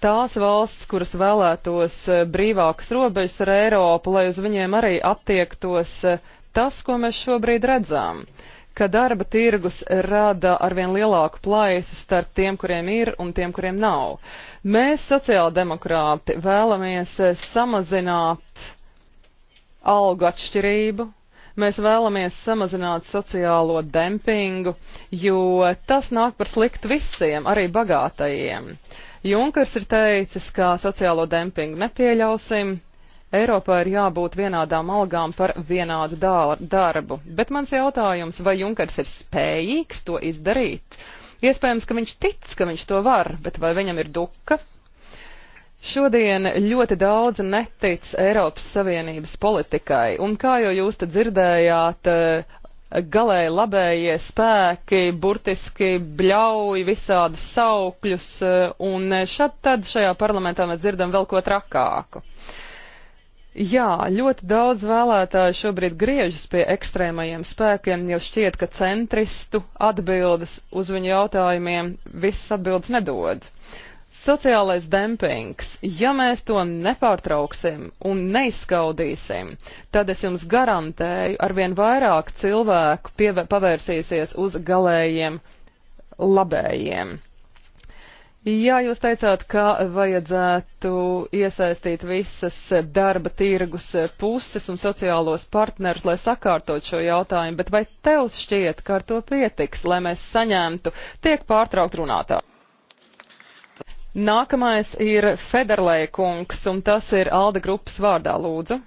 C: tās valsts, kuras vēlētos eh, brīvākas robežas ar Eiropu, lai uz viņiem arī attiektos eh, tas, ko mēs šobrīd redzam, ka darba tirgus rada arvien lielāku plaisu starp tiem, kuriem ir un tiem, kuriem nav. Mēs, sociāldemokrāti, vēlamies eh, samazināt algu atšķirību, mēs vēlamies samazināt sociālo dempingu, jo tas nāk par sliktu visiem, arī bagātajiem. Uh, Junkers ir teicis, ka sociālo dempingu nepieļausim. Eiropā ir jābūt vienādām algām par vienādu darbu, bet mans jautājums, vai Junkers ir spējīgs to izdarīt? Iespējams, ka viņš tic, ka viņš to var, bet vai viņam ir duka, Šodien ļoti daudz netic Eiropas Savienības politikai, un kā jau jūs te dzirdējāt, galēji labējie spēki burtiski bļauj visādas saukļus, eh, un šad tad šajā parlamentā mēs dzirdam vēl ko trakāku. Jā, ļoti daudz vēlētāju šobrīd griežas pie ekstrēmajiem spēkiem, jo šķiet, ka centristu atbildes uz viņu jautājumiem visas atbildes nedod. Uh, Sociālais dempings. Ja mēs to nepārtrauksim un neizskaudīsim, tad es jums garantēju, arvien vairāk cilvēku pieve, pavērsīsies uz galējiem labējiem. Jā, jūs teicāt, ka vajadzētu iesaistīt visas darba tirgus puses un sociālos partnerus, lai sakārtot šo jautājumu, bet vai tev šķiet, ka ar to pietiks, lai mēs saņemtu tiek pārtraukt runātāju? Nākamais ir Federlēja kungs, un tas ir Alda grupas vārdā lūdzu.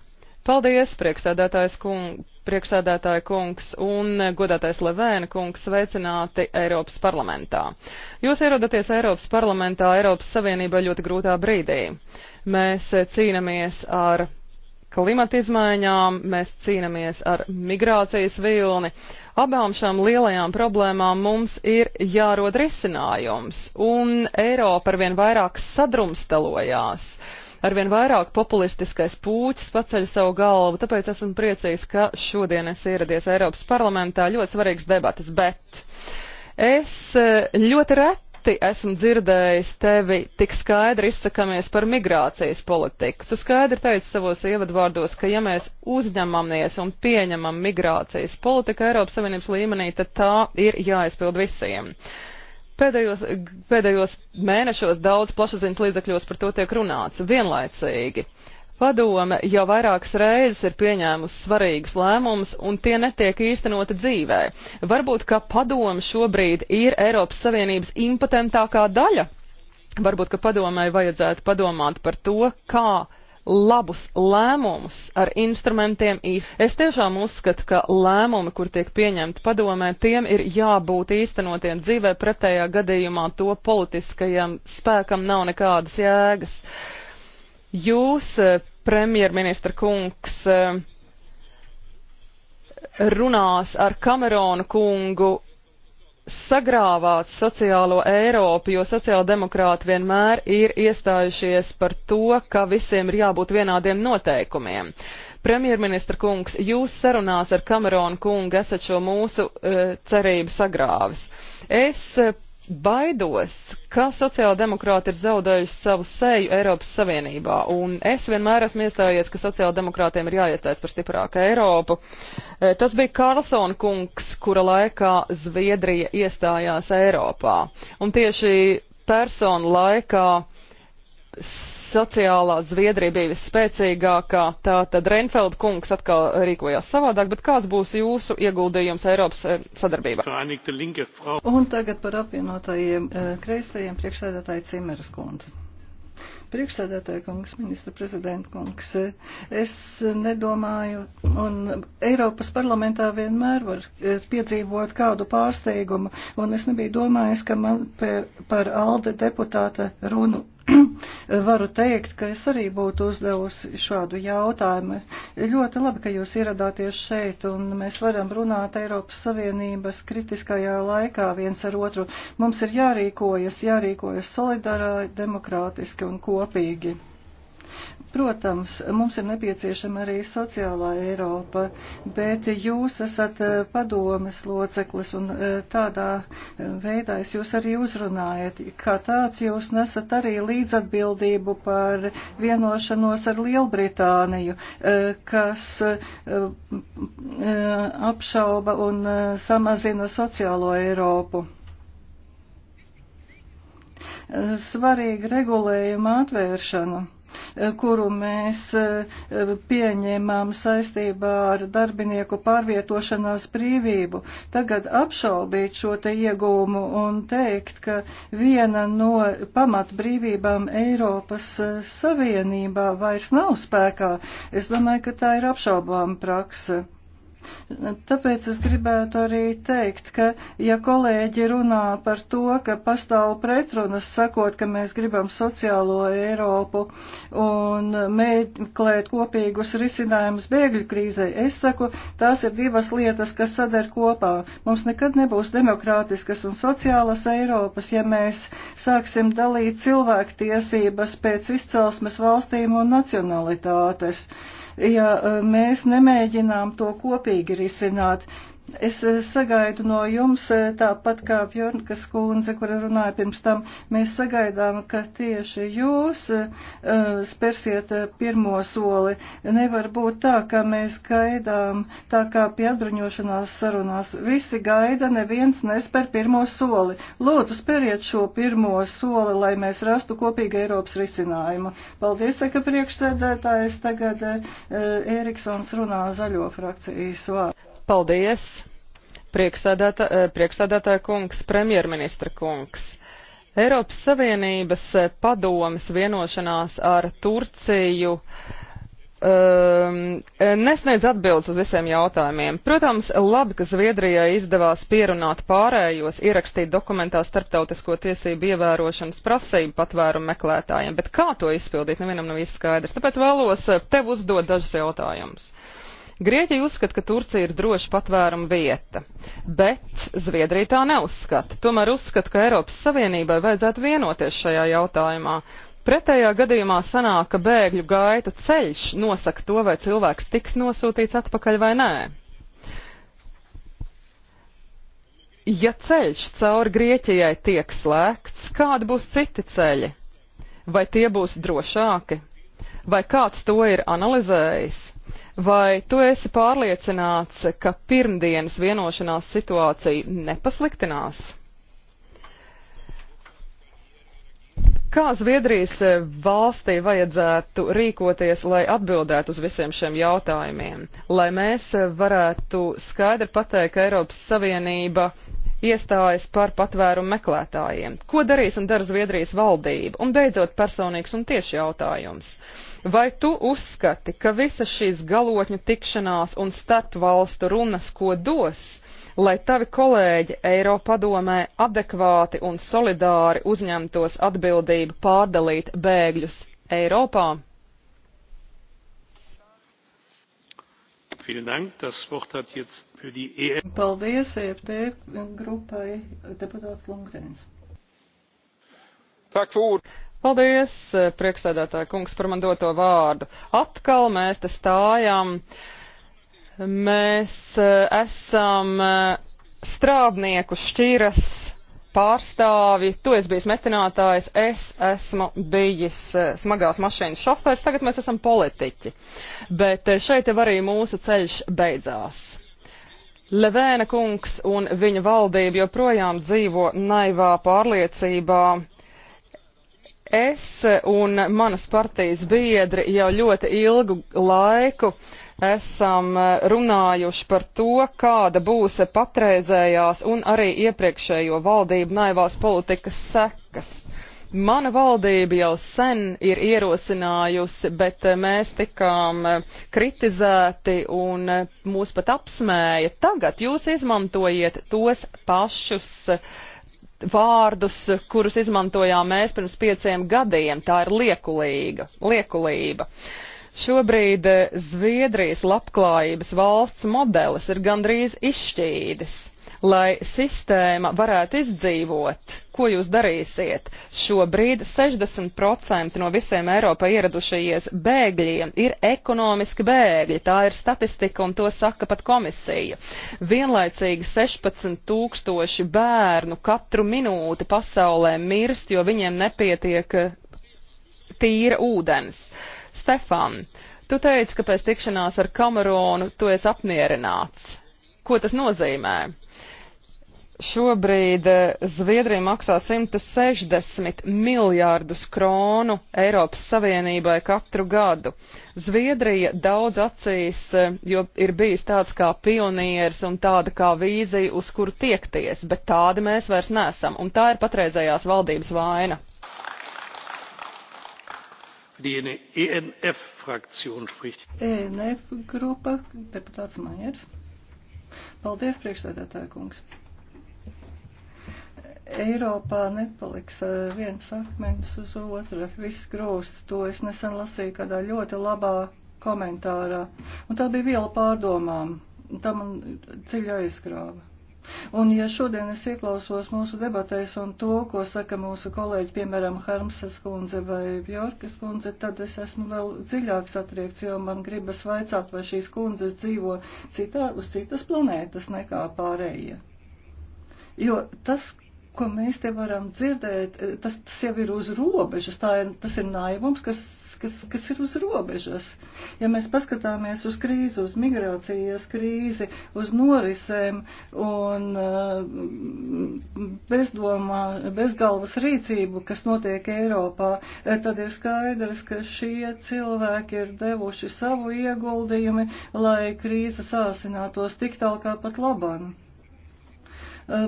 C: Paldies, priekšsēdētājs kungs, priekšsēdētāja kungs un godātais Levēna kungs sveicināti Eiropas parlamentā. Jūs ierodaties Eiropas parlamentā Eiropas Savienībā ļoti grūtā brīdī. Mēs cīnamies ar klimatizmaiņām, mēs cīnāmies ar migrācijas vilni. Abām šām lielajām problēmām mums ir jārod risinājums, un Eiropa arvien vairāk sadrumstalojās. Arvien vairāk populistiskais pūķis paceļ savu galvu, tāpēc esmu priecīgs, ka šodien es ieradies Eiropas parlamentā ļoti svarīgs debatas, bet es eh, ļoti reti reti esmu dzirdējis tevi tik skaidri izsakamies par migrācijas politiku. Tu skaidri teici savos ievadvārdos, ka ja mēs uzņemamies un pieņemam migrācijas politiku Eiropas Savienības līmenī, tad tā ir jāizpild visiem. Pēdējos, pēdējos mēnešos daudz plašsaziņas līdzekļos par to tiek runāts vienlaicīgi. Padome jau vairākas reizes ir pieņēmusi svarīgus lēmumus, un tie netiek īstenoti dzīvē. Varbūt, ka padome šobrīd ir Eiropas Savienības impotentākā daļa. Varbūt, ka padomai vajadzētu padomāt par to, kā labus lēmumus ar instrumentiem īstenot. Es tiešām uzskatu, ka lēmumi, kur tiek pieņemti padomē, tiem ir jābūt īstenotiem dzīvē, pretējā gadījumā to politiskajam spēkam nav nekādas jēgas. Uh, Jūs, eh, premjerministra kungs, eh, runās ar Kameronu kungu sagrāvāt sociālo Eiropu, jo sociāldemokrāti vienmēr ir iestājušies par to, ka visiem ir jābūt vienādiem noteikumiem. Premjerministra kungs, jūs sarunās ar Kameronu kungu esat šo mūsu e, cerību sagrāvis. Es baidos, ka sociāldemokrāti ir zaudējuši savu seju Eiropas Savienībā, un es vienmēr esmu iestājies, ka sociāldemokrātiem ir jāiestājas par stiprāku Eiropu. E, tas bija Karlsona kungs, kura laikā Zviedrija iestājās Eiropā, un tieši persona laikā sociālā Zviedrija bija visspēcīgākā, tā tad Reinfeld kungs atkal rīkojās savādāk, bet kāds būs jūsu ieguldījums Eiropas eh, sadarbībā?
A: Un
E: tagad par apvienotajiem eh, kreisajiem priekšsēdētāji Cimeras kundze. Priekšsēdētāja kungs, ministra prezidenta kungs, eh, es nedomāju, un Eiropas parlamentā vienmēr var piedzīvot kādu pārsteigumu, un es nebiju domājis, ka man par, par ALDE deputāta runu varu teikt, ka es arī būtu uzdevusi šādu jautājumu. Ļoti labi, ka jūs ieradāties šeit, un mēs varam runāt Eiropas Savienības kritiskajā laikā viens ar otru. Mums ir jārīkojas, jārīkojas solidārā, demokrātiski un kopīgi. Protams, mums ir nepieciešama arī sociālā Eiropa, bet jūs esat eh, padomes loceklis un eh, tādā eh, veidā es jūs arī uzrunājat. Kā tāds jūs nesat arī līdzatbildību par vienošanos ar Lielbritāniju, kas apšauba un samazina sociālo Eiropu svarīga regulējuma atvēršana. Eh, kuru mēs eh, pieņēmām saistībā ar darbinieku pārvietošanās brīvību. Tagad apšaubīt šo te iegūmu un teikt, ka viena no pamatbrīvībām Eiropas eh, Savienībā vairs nav spēkā, es domāju, ka tā ir apšaubām praksa. Tāpēc es gribētu arī teikt, ka ja kolēģi runā par to, ka pastāv pretrunas sakot, ka mēs gribam sociālo Eiropu un meklēt kopīgus risinājumus bēgļu krīzei, es saku, tās ir divas lietas, kas sadar kopā. Mums nekad nebūs demokrātiskas un sociālas Eiropas, ja mēs sāksim dalīt cilvēktiesības pēc izcelsmes valstīm un nacionalitātes. Uh, ja eh, mēs nemēģinām to kopīgi risināt. Es eh, sagaidu no jums, eh, tāpat kā Bjornkas kundze, kura runāja pirms tam, mēs sagaidām, ka tieši jūs eh, spērsiet pirmo soli. Nevar būt tā, ka mēs gaidām, tā kā pie atbruņošanās sarunās. Visi gaida, neviens nespēr pirmo soli. Lūdzu, spēriet šo pirmo soli, lai mēs rastu kopīgu Eiropas risinājumu. Paldies, ka priekšsēdētājs tagad Eriksons runā
C: zaļo frakcijas vārdu. Paldies, eh, priekšsēdētāja kungs, premjerministra kungs. Eiropas Savienības eh, padomas vienošanās ar Turciju um, nesniedz atbildes uz visiem jautājumiem. Protams, labi, ka Zviedrijai izdevās pierunāt pārējos, ierakstīt dokumentā starptautisko tiesību ievērošanas prasību patvērumu meklētājiem, bet kā to izpildīt, nevienam nav izskaidrs. Tāpēc vēlos eh, tev uzdot dažus jautājumus. Uh, Grieķija uzskata, ka Turcija ir droša patvēruma vieta, bet Zviedrija tā neuzskata. Tomēr uzskata, ka Eiropas Savienībai vajadzētu vienoties šajā jautājumā. Pretējā gadījumā sanāk, ka bēgļu gaita ceļš nosaka to, vai cilvēks tiks nosūtīts atpakaļ vai nē. Ja ceļš cauri Grieķijai tiek slēgts, kādi būs citi ceļi? Vai tie būs drošāki? Vai kāds to ir analizējis? Vai tu esi pārliecināts, ka pirmdienas vienošanās situācija nepasliktinās? Kā Zviedrijas eh, valstī vajadzētu rīkoties, lai atbildētu uz visiem šiem jautājumiem? Lai mēs eh, varētu skaidri pateikt, ka Eiropas Savienība iestājas par patvērumu meklētājiem. Ko darīs un dara Zviedrijas valdība? Un beidzot personīgs un tieši jautājums. Uh, Vai tu uzskati, ka visas šīs galotņu tikšanās un starpvalstu runas, ko dos, lai tavi kolēģi Eiropadomē adekvāti un solidāri uzņemtos atbildību pārdalīt bēgļus Eiropā? E Paldies, EFT grupai
E: deputāts Lungrēns.
C: Paldies, eh, priekšsēdētāja kungs, par man doto vārdu. Atkal mēs te stājam. Mēs eh, esam eh, strādnieku šķiras pārstāvi, tu esi bijis metinātājs, es esmu bijis smagās mašīnas šofērs, tagad mēs esam politiķi. Bet šeit jau arī mūsu ceļš beidzās. Levēna kungs un viņa valdība joprojām dzīvo naivā pārliecībā, Es un manas partijas biedri jau ļoti ilgu laiku esam eh, runājuši par to, kāda būs patreizējās un arī iepriekšējo valdību naivās politikas sekas. Mana valdība jau sen ir ierosinājusi, bet eh, mēs tikām eh, kritizēti un mūs pat apsmēja. Tagad jūs izmantojiet tos pašus uh, vārdus, kurus izmantojām mēs pirms pieciem gadiem. Tā ir liekulīga, liekulība. Šobrīd eh, Zviedrijas labklājības valsts modelis ir gandrīz izšķīdis lai sistēma varētu izdzīvot, ko jūs darīsiet? Šobrīd 60% no visiem Eiropā ieradušajies bēgļiem ir ekonomiski bēgļi. Tā ir statistika un to saka pat komisija. Vienlaicīgi 16 tūkstoši bērnu katru minūti pasaulē mirst, jo viņiem nepietiek eh, tīra ūdens. Stefan, tu teici, ka pēc tikšanās ar Kameronu tu esi apmierināts. Ko tas nozīmē? Šobrīd eh, Zviedrija maksā 160 miljārdus kronu Eiropas Savienībai katru gadu. Zviedrija daudz acīs, eh, jo ir bijis tāds kā pionieris un tāda kā vīzija, uz kuru tiekties, bet tādi mēs vairs nesam, un tā ir patreizējās valdības vaina. ENF, e ENF grupa,
E: deputāts Maiers. Paldies, priekšsēdētāja kungs. Eiropā nepaliks eh, viens akmens uz otru, viss grūst. To es nesen lasīju kādā ļoti labā komentārā. Un tā bija viela pārdomām. Tā man dziļi aizskrāva. Un ja šodien es ieklausos mūsu debatēs un to, ko saka mūsu kolēģi, piemēram, Harmsas kundze vai Bjorkas kundze, tad es esmu vēl dziļāk satriekts, jo man gribas vaicāt, vai šīs kundzes dzīvo citā, uz citas planētas nekā pārējie. Jo tas, ko mēs te varam dzirdēt, eh, tas, tas jau ir uz robežas, tā ir, tas ir naivums, kas, kas, kas ir uz robežas. Ja mēs paskatāmies uz krīzi, uz migrācijas krīzi, uz norisēm un eh, bezdomā, bezgalvas rīcību, kas notiek Eiropā, eh, tad ir skaidrs, ka šie cilvēki ir devuši savu ieguldījumi, lai krīze sāsinātos tik tālu kā pat labāk.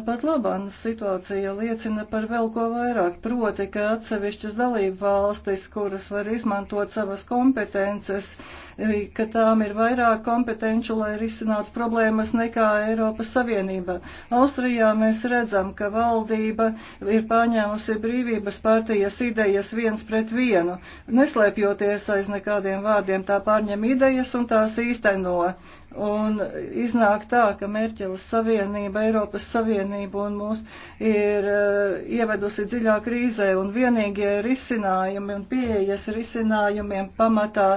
E: Pat labāna situācija liecina par vēl ko vairāk, proti, ka atsevišķas dalību valstis, kuras var izmantot savas kompetences, ka tām ir vairāk kompetenču, lai risinātu problēmas nekā Eiropas Savienība. Austrijā mēs redzam, ka valdība ir pārņēmusi brīvības partijas idejas viens pret vienu, neslēpjoties aiz nekādiem vārdiem, tā pārņem idejas un tās īsteno. Un iznāk tā, ka Merķeles Savienība, Eiropas Savienība un mūs ir uh, ievedusi dziļā krīzē un vienīgie risinājumi un pieejas risinājumiem pamatā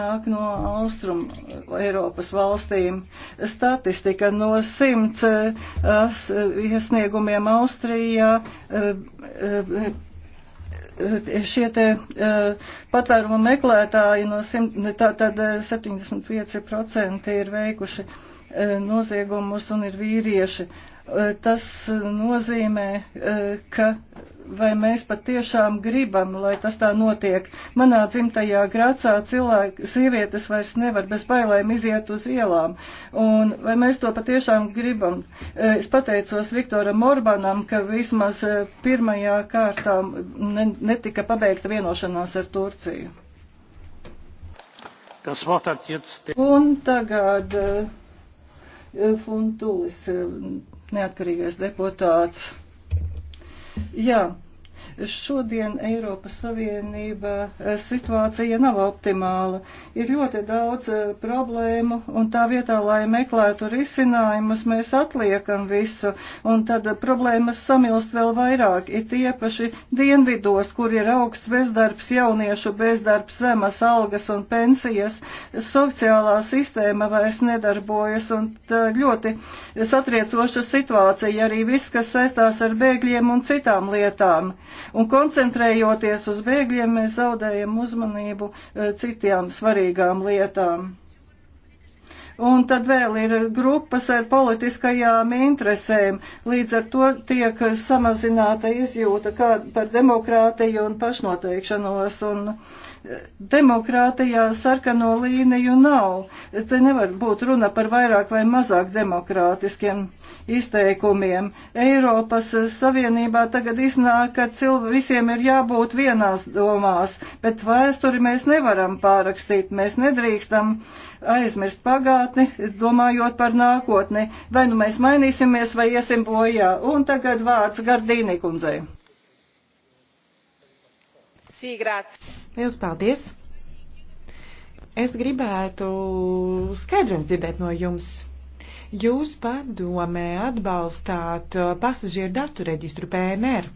E: nāk no Austrum eh, Eiropas valstīm. Statistika no simts uh, iesniegumiem Austrijā. Uh, uh, šie te e, patvērumu meklētāji no simt, tā, tad 75% e, ir veikuši e, noziegumus un ir vīrieši. Tas nozīmē, ka vai mēs patiešām gribam, lai tas tā notiek. Manā dzimtajā Grācā cilvēki, sievietes vairs nevar bez bailēm iziet uz ielām, un vai mēs to patiešām gribam. E, es pateicos Viktoram Orbanam, ka vismaz e, pirmajā kārtā netika pabeigta vienošanās ar Turciju. Un tagad e, Funtulis, neatkarīgais deputāts. Jā. Šodien Eiropas Savienība eh, situācija nav optimāla. Ir ļoti daudz eh, problēmu, un tā vietā, lai meklētu risinājumus, mēs atliekam visu, un tad problēmas samilst vēl vairāk. Ir tiepaši dienvidos, kur ir augsts bezdarbs, jauniešu bezdarbs, zemas algas un pensijas, sociālā sistēma vairs nedarbojas, un ļoti satriecoša situācija arī viss, kas saistās ar bēgļiem un citām lietām. Un koncentrējoties uz bēgļiem, mēs zaudējam uzmanību e, citām svarīgām lietām. Un tad vēl ir grupas ar politiskajām interesēm. Līdz ar to tiek samazināta izjūta par demokrātiju un pašnoteikšanos. Un, uh, Demokrātijā sarkano līniju nav. Te nevar būt runa par vairāk vai mazāk demokrātiskiem izteikumiem. Eiropas Savienībā tagad iznāk, ka cilvē, visiem ir jābūt vienās domās, bet vēsturi mēs nevaram pārakstīt. Mēs nedrīkstam aizmirst pagātni, domājot par nākotni. Vai nu mēs mainīsimies, vai iesim bojā. Un tagad
F: vārds Gardīnikundzei.
D: Lielas
F: paldies! Es gribētu skaidrums dzirdēt no jums. Jūs padomē atbalstāt uh, pasažieru datu reģistru PNR,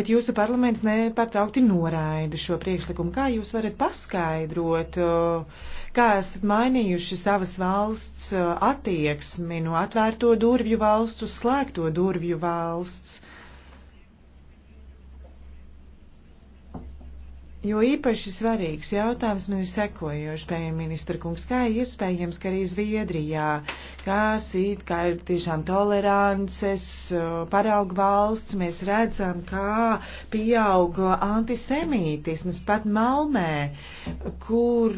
F: bet jūsu parlaments nepārtraukti noraida šo priekšlikumu. Kā jūs varat paskaidrot, uh, kā esat mainījuši savas valsts uh, attieksmi no atvērto durvju valsts uz slēgto durvju valsts? Jo īpaši svarīgs jautājums man ir sekojoši, premjerministra kungs, kā iespējams, ka arī Zviedrijā, kas it kā ir tiešām tolerances parauga valsts, mēs redzam, kā pieauga antisemītisms pat Malmē, kur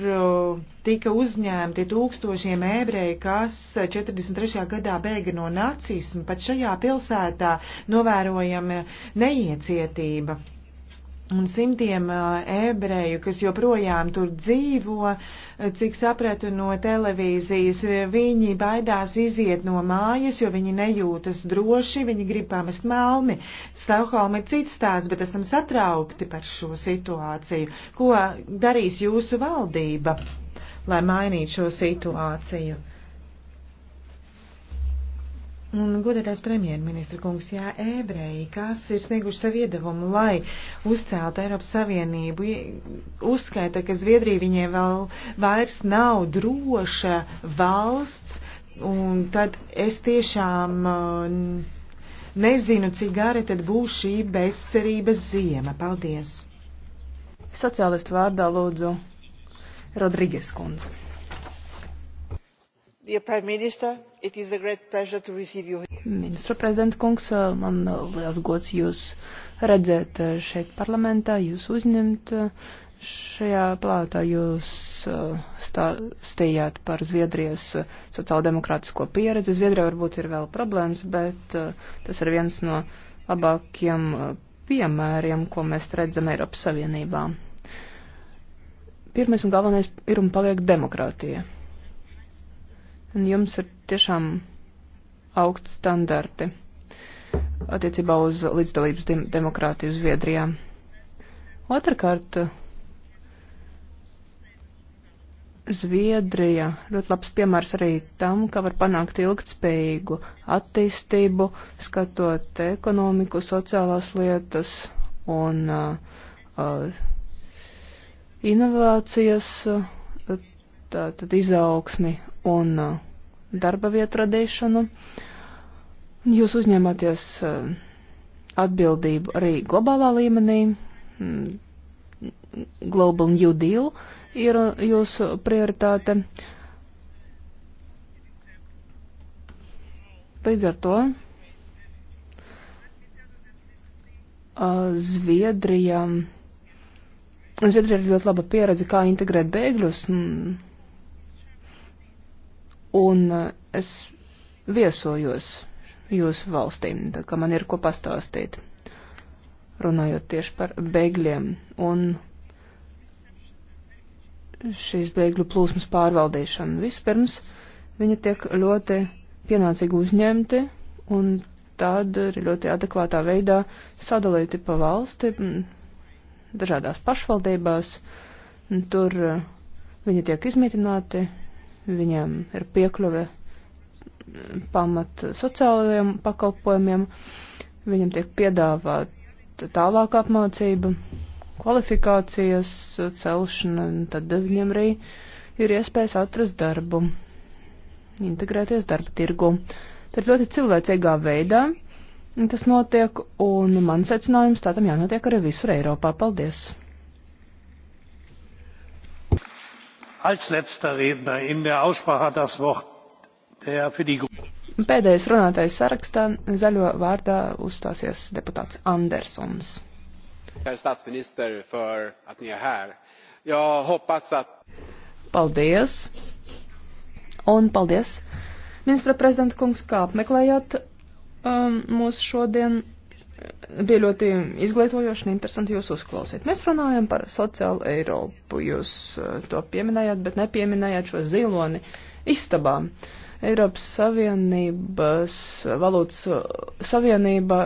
F: tika uzņemti tūkstošiem ebreju, kas 43. gadā bēga no nacismu, pat šajā pilsētā novērojama neiecietība un simtiem ebreju, kas joprojām tur dzīvo, cik sapratu no televīzijas, viņi baidās iziet no mājas, jo viņi nejūtas droši, viņi grib pamest malmi. Stokholma ir cits stāsts, bet esam satraukti par šo situāciju. Ko darīs jūsu valdība, lai mainītu šo situāciju? Un, godētais premjerministra kungs, jā, ebreji, kas ir snieguši savu iedevumu, lai uzceltu Eiropas Savienību, uzskaita, ka Zviedrija viņiem vēl vairs nav droša valsts, un tad es tiešām uh, nezinu, cik gara tad būs šī bezcerības ziema. Paldies! Sociālistu vārdā lūdzu Rodrīgas kundze.
G: Ministru prezidenta kungs, eh, man eh, liels gods jūs redzēt eh, šeit parlamentā, jūs uzņemt šajā plātā, jūs stāstījāt par Zviedrijas sociāldemokrātisko pieredzi. Zviedrijā varbūt ir vēl problēmas, bet tas ir viens no labākiem piemēriem, ko mēs redzam Eiropas Savienībā. Pirmais un galvenais ir un paliek demokrātija. Un jums ir tiešām augsts standarti attiecībā uz līdzdalības demokrātiju Zviedrijā. Otrakārt, Zviedrija ļoti labs piemērs arī tam, ka var panākt ilgtspējīgu attīstību, skatot ekonomiku, sociālās lietas un uh, uh inovācijas. Uh, tātad izaugsmi un uh, darba vietu radīšanu. Jūs uzņematies uh, atbildību arī globālā līmenī. Mm, Global New Deal ir uh, jūsu prioritāte. Līdz ar to Zviedrija, Zviedrija ir ļoti laba pieredze, kā integrēt bēgļus. Un, mm, un eh, es viesojos jūsu valstī, tā kā man ir ko pastāstīt, runājot tieši par bēgļiem un šīs bēgļu plūsmas pārvaldīšanu. Vispirms viņi tiek ļoti pienācīgi uzņemti un tad ir ļoti adekvātā veidā sadalīti pa valsti dažādās pašvaldībās. Tur eh, viņi tiek izmitināti, viņiem ir piekļuve mm, pamat sociālajiem pakalpojumiem, viņam tiek piedāvāta tālāka apmācība, kvalifikācijas celšana, un tad viņam arī ir iespējas atrast darbu, integrēties darba tirgu. Tad ļoti cilvēcīgā veidā tas notiek, un man secinājums tā tam jānotiek arī visur Eiropā. Paldies!
A: als letzter redner in der aussprache hat das wort der für die
G: Pēdējais runātais sarakstā zaļo vārdā uzstāsies deputāts Andersons. Paldies! Un paldies, ministra prezidenta kungs, kā apmeklējāt um, mūs šodien bija ļoti izglītojoši un interesanti jūs uzklausīt. Mēs runājam par sociālu Eiropu. Jūs uh, to pieminējāt, bet nepieminējāt šo ziloni istabā. Eiropas Savienības uh, valūtas uh, savienība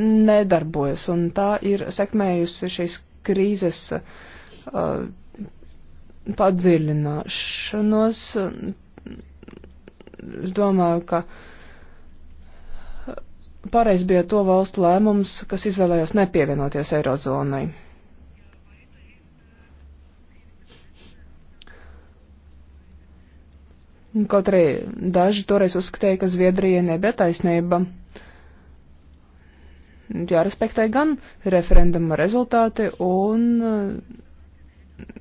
G: nedarbojas, un tā ir sekmējusi šīs krīzes uh, padziļināšanos. Es domāju, ka uh, pareiz bija to valstu lēmums, kas izvēlējās nepievienoties Eirozonai. Kaut arī daži toreiz uzskatīja, ka Zviedrija nebija taisnība. Jārespektē gan referenduma rezultāti, un eh,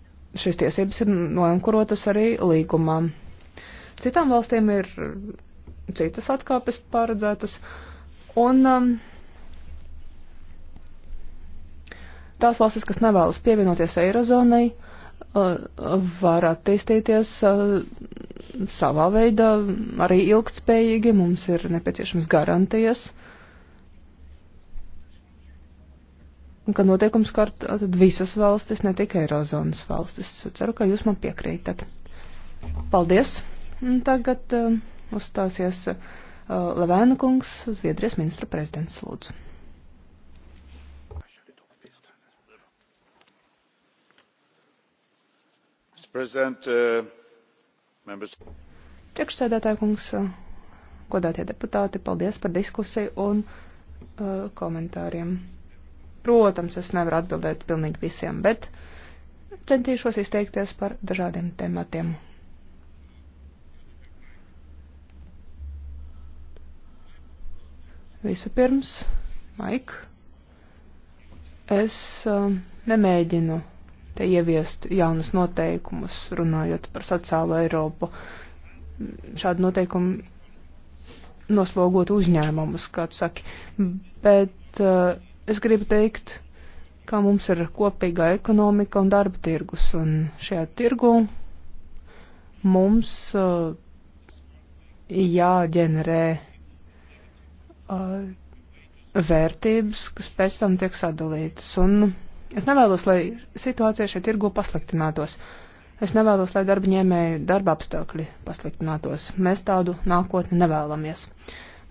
G: šīs tiesības ir noenkurotas arī līgumā. Citām valstīm ir citas atkāpes paredzētas. Uh, Un um, tās valstis, kas nevēlas pievienoties Eirozonai, uh, var attīstīties uh, savā veidā arī ilgtspējīgi. Mums ir nepieciešams garantijas. Un ka notiekums kārt tad visas valstis, ne tikai Eirozonas valstis. Ceru, ka jūs man piekrītat. Paldies! Un tagad uh, uzstāsies. Uh, Uh, Levēna kungs, Zviedrijas ministra prezidents, lūdzu. Uh, Priekšsēdētāja kungs, uh, godātie deputāti, paldies par diskusiju un uh, komentāriem. Protams, es nevaru atbildēt pilnīgi visiem, bet centīšos izteikties par dažādiem tematiem, Vispirms, Maik, es uh, nemēģinu te ieviest jaunus noteikumus, runājot par sociālo Eiropu. Šādu noteikumu noslogot uzņēmumus, kā tu saki. Bet uh, es gribu teikt, ka mums ir kopīga ekonomika un darba tirgus, un šajā tirgu mums uh, jāģenerē uh, vērtības, kas pēc tam tiek sadalītas. Un es nevēlos, lai situācija šeit tirgu pasliktinātos. Es nevēlos, lai darba ņēmēju darba apstākļi pasliktinātos. Mēs tādu nākotni nevēlamies.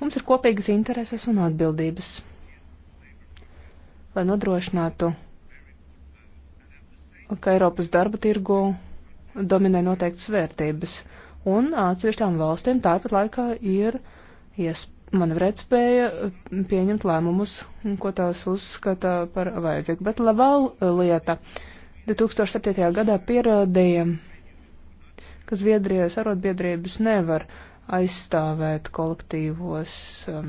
G: Mums ir kopīgas intereses un atbildības, lai nodrošinātu, ka Eiropas darba tirgu dominē noteiktas vērtības, un atsevišķām valstīm tāpat laikā ir iespēja manevrēt spēja eh, pieņemt lēmumus, ko tās uzskata par vajadzīgu. Bet Laval eh, lieta 2007. gadā pierādīja, ka Zviedrijas arotbiedrības nevar aizstāvēt kolektīvos um,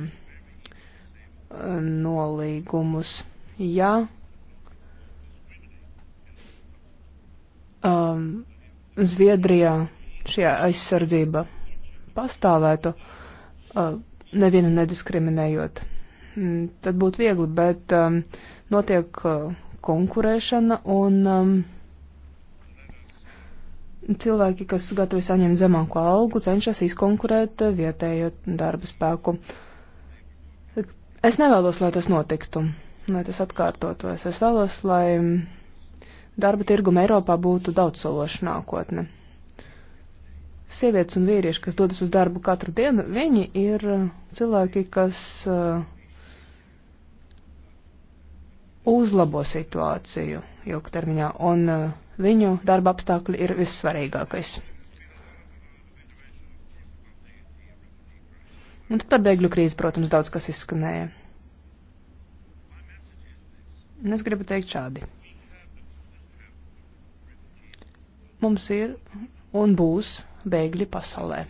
G: nolīgumus. Ja um, Zviedrijā šī aizsardzība pastāvētu, uh, nevienu nediskriminējot. Mm, tad būtu viegli, bet um, notiek uh, konkurēšana un um, cilvēki, kas gatavi saņemt zemāku algu, cenšas izkonkurēt uh, vietējo darba spēku. Es nevēlos, lai tas notiktu, lai tas atkārtotos. Es vēlos, lai mm, darba tirguma Eiropā būtu daudz sološa nākotne sievietes un vīrieši, kas dodas uz darbu katru dienu, viņi ir cilvēki, kas uh, uzlabo situāciju ilgtermiņā, un uh, viņu darba apstākļi ir vissvarīgākais. Un tad par bēgļu krīzi, protams, daudz kas izskanēja. Un es gribu teikt šādi. Mums ir un būs bēgļi pasaulē.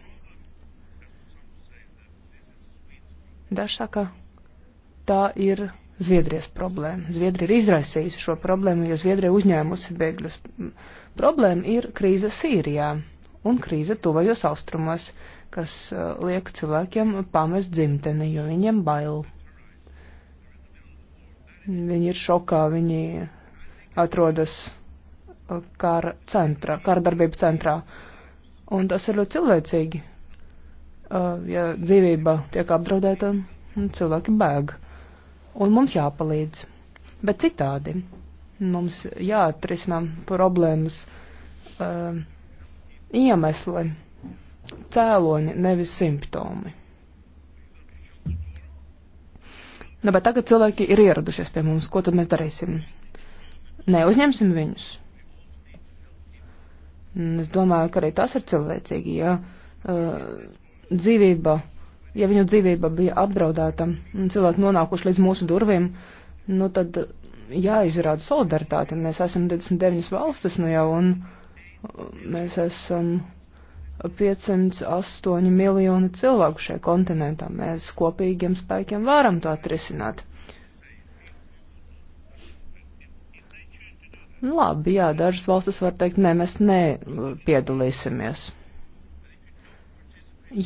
G: Dažs saka, tā ir Zviedrijas problēma. Zviedrija ir izraisījusi šo problēmu, jo Zviedrija uzņēmusi bēgļus. Problēma ir krīze Sīrijā un krīze tuvajos austrumos, kas uh, liek cilvēkiem pamest dzimteni, jo viņiem bail. Viņi ir šokā, viņi atrodas uh, kara centrā, kara darbību centrā. Uh, Un tas ir ļoti cilvēcīgi. Uh, ja dzīvība tiek apdraudēta, cilvēki bēg. Un mums jāpalīdz. Bet citādi mums jāatrisina problēmas uh, iemesli, cēloņi, nevis simptomi. Nu, bet tagad cilvēki ir ieradušies pie mums. Ko tad mēs darīsim? Neuzņemsim viņus. Un mm, es domāju, ka arī tas ir cilvēcīgi, ja uh, dzīvība, ja viņu dzīvība bija apdraudēta un cilvēki nonākuši līdz mūsu durvīm, nu tad jāizrāda solidaritāte. Mēs esam 29 valstis nu jau un uh, mēs esam 508 miljoni cilvēku šajā kontinentā. Mēs kopīgiem spēkiem varam to atrisināt. Nu, labi, jā, dažas valstis var teikt, ne, mēs nepiedalīsimies.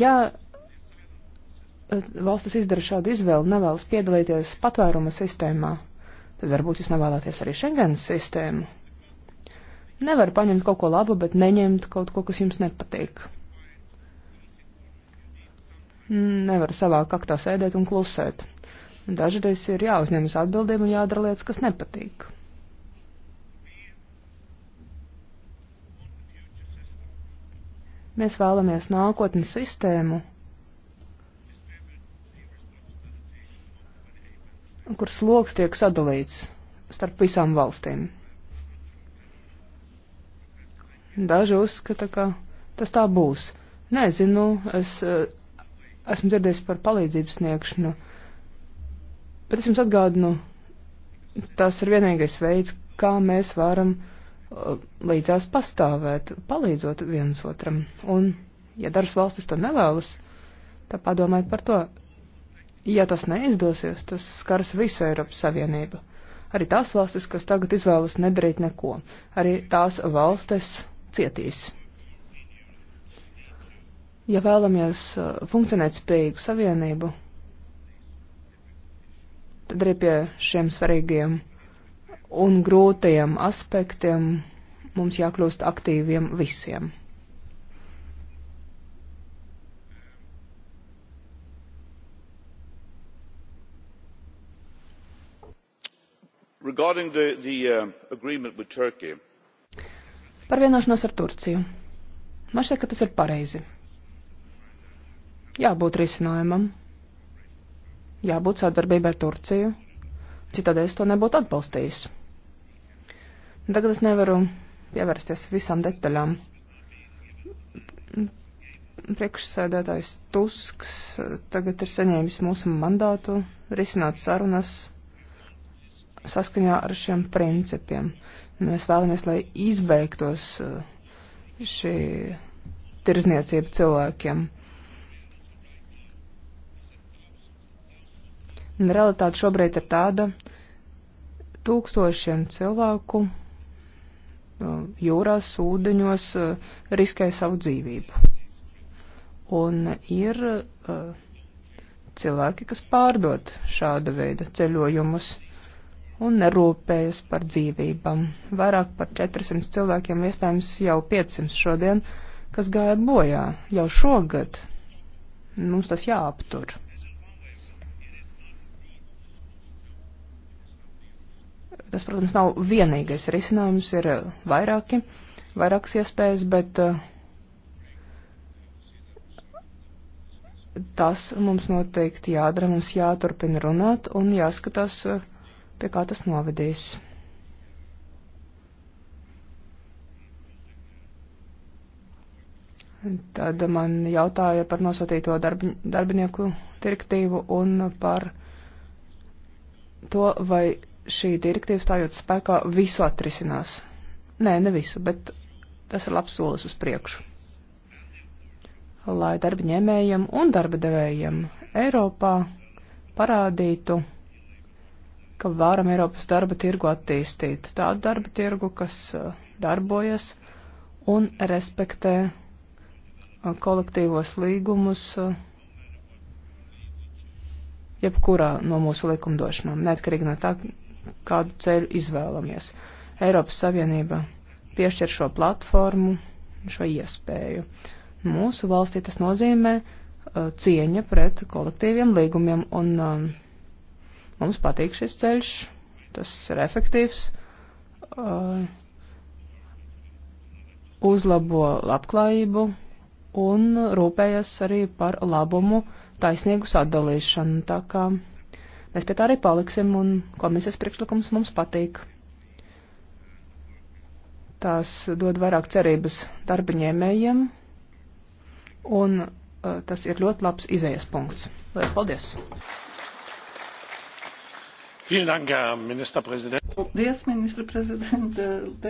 G: Ja e, valstis izdara šādu izvēli, nevēlas piedalīties patvēruma sistēmā, tad varbūt jūs nevēlaties arī Schengens sistēmu. Nevar paņemt kaut ko labu, bet neņemt kaut ko, kas jums nepatīk. Nevar savā kaktā sēdēt un klusēt. Dažreiz ir jāuzņemas atbildība un jādara lietas, kas nepatīk. Mēs vēlamies nākotnes sistēmu, kur sloks tiek sadalīts starp visām valstīm. Daži uzskata, ka tas tā būs. Nezinu, es eh, esmu dzirdējis par palīdzības sniegšanu, bet es jums atgādinu, tas ir vienīgais veids, kā mēs varam uh, Uh, līdzās pastāvēt, palīdzot viens otram. Un, ja dažas valstis to nevēlas, tad padomājiet par to. Ja tas neizdosies, tas skars visu Eiropas Savienību. Arī tās valstis, kas tagad izvēlas nedarīt neko, arī tās valstis cietīs. Ja vēlamies uh, funkcionēt spējīgu savienību, tad arī pie šiem svarīgiem un grūtajiem aspektiem mums jākļūst aktīviem visiem.
A: Regarding the, the uh, agreement with Turkey.
G: Par vienošanos ar Turciju. Man šķiet, ka tas ir pareizi. Jābūt risinājumam. Jābūt sadarbībai ar Turciju. Citādi es to nebūtu atbalstījis. Tagad es nevaru pievērsties visām detaļām. Priekšsēdētājs Tusks tagad ir saņēmis mūsu mandātu risināt sarunas saskaņā ar šiem principiem. Mēs vēlamies, lai izbeigtos uh, šī tirzniecība cilvēkiem. Un realitāte šobrīd ir tāda, tūkstošiem cilvēku Uh, jūrās, ūdeņos uh, riskē savu dzīvību. Un ir uh, cilvēki, kas pārdod šāda veida ceļojumus un nerūpējas par dzīvībām. Vairāk par 400 cilvēkiem, iespējams jau 500 šodien, kas gāja bojā jau šogad. Mums tas jāaptur. Tas, protams, nav vienīgais risinājums, ir eh, vairāki, vairākas iespējas, bet eh, tas mums noteikti jādara, mums jāturpina runāt un jāskatās, eh, pie kā tas novedīs. Tad man jautāja par nosūtīto darbi, darbinieku direktīvu un par to, vai šī direktīva stājot spēkā visu atrisinās. Nē, ne visu, bet tas ir labs solis uz priekšu. Lai darba ņēmējiem un darba devējiem Eiropā parādītu, ka varam Eiropas darba tirgu attīstīt tādu darba tirgu, kas uh, darbojas un respektē uh, kolektīvos līgumus uh, jebkurā no mūsu likumdošanām, neatkarīgi no tā, kādu ceļu izvēlamies. Eiropas Savienība piešķir šo platformu, šo iespēju. Mūsu valstī tas nozīmē uh, cieņa pret kolektīviem līgumiem, un um, mums patīk šis ceļš, tas ir efektīvs, uh, uzlabo labklājību un rūpējas arī par labumu taisnīgu sadalīšanu. Tā kā Mēs pie tā arī paliksim, un komisijas priekšlikums mums patīk. Tās dod vairāk cerības darbiņēmējiem, un uh, tas ir ļoti labs izējas punkts. Lielas paldies!
A: Vielen Dank, Herr Ministerpräsident.
G: Paldies, ministra
B: prezidenta.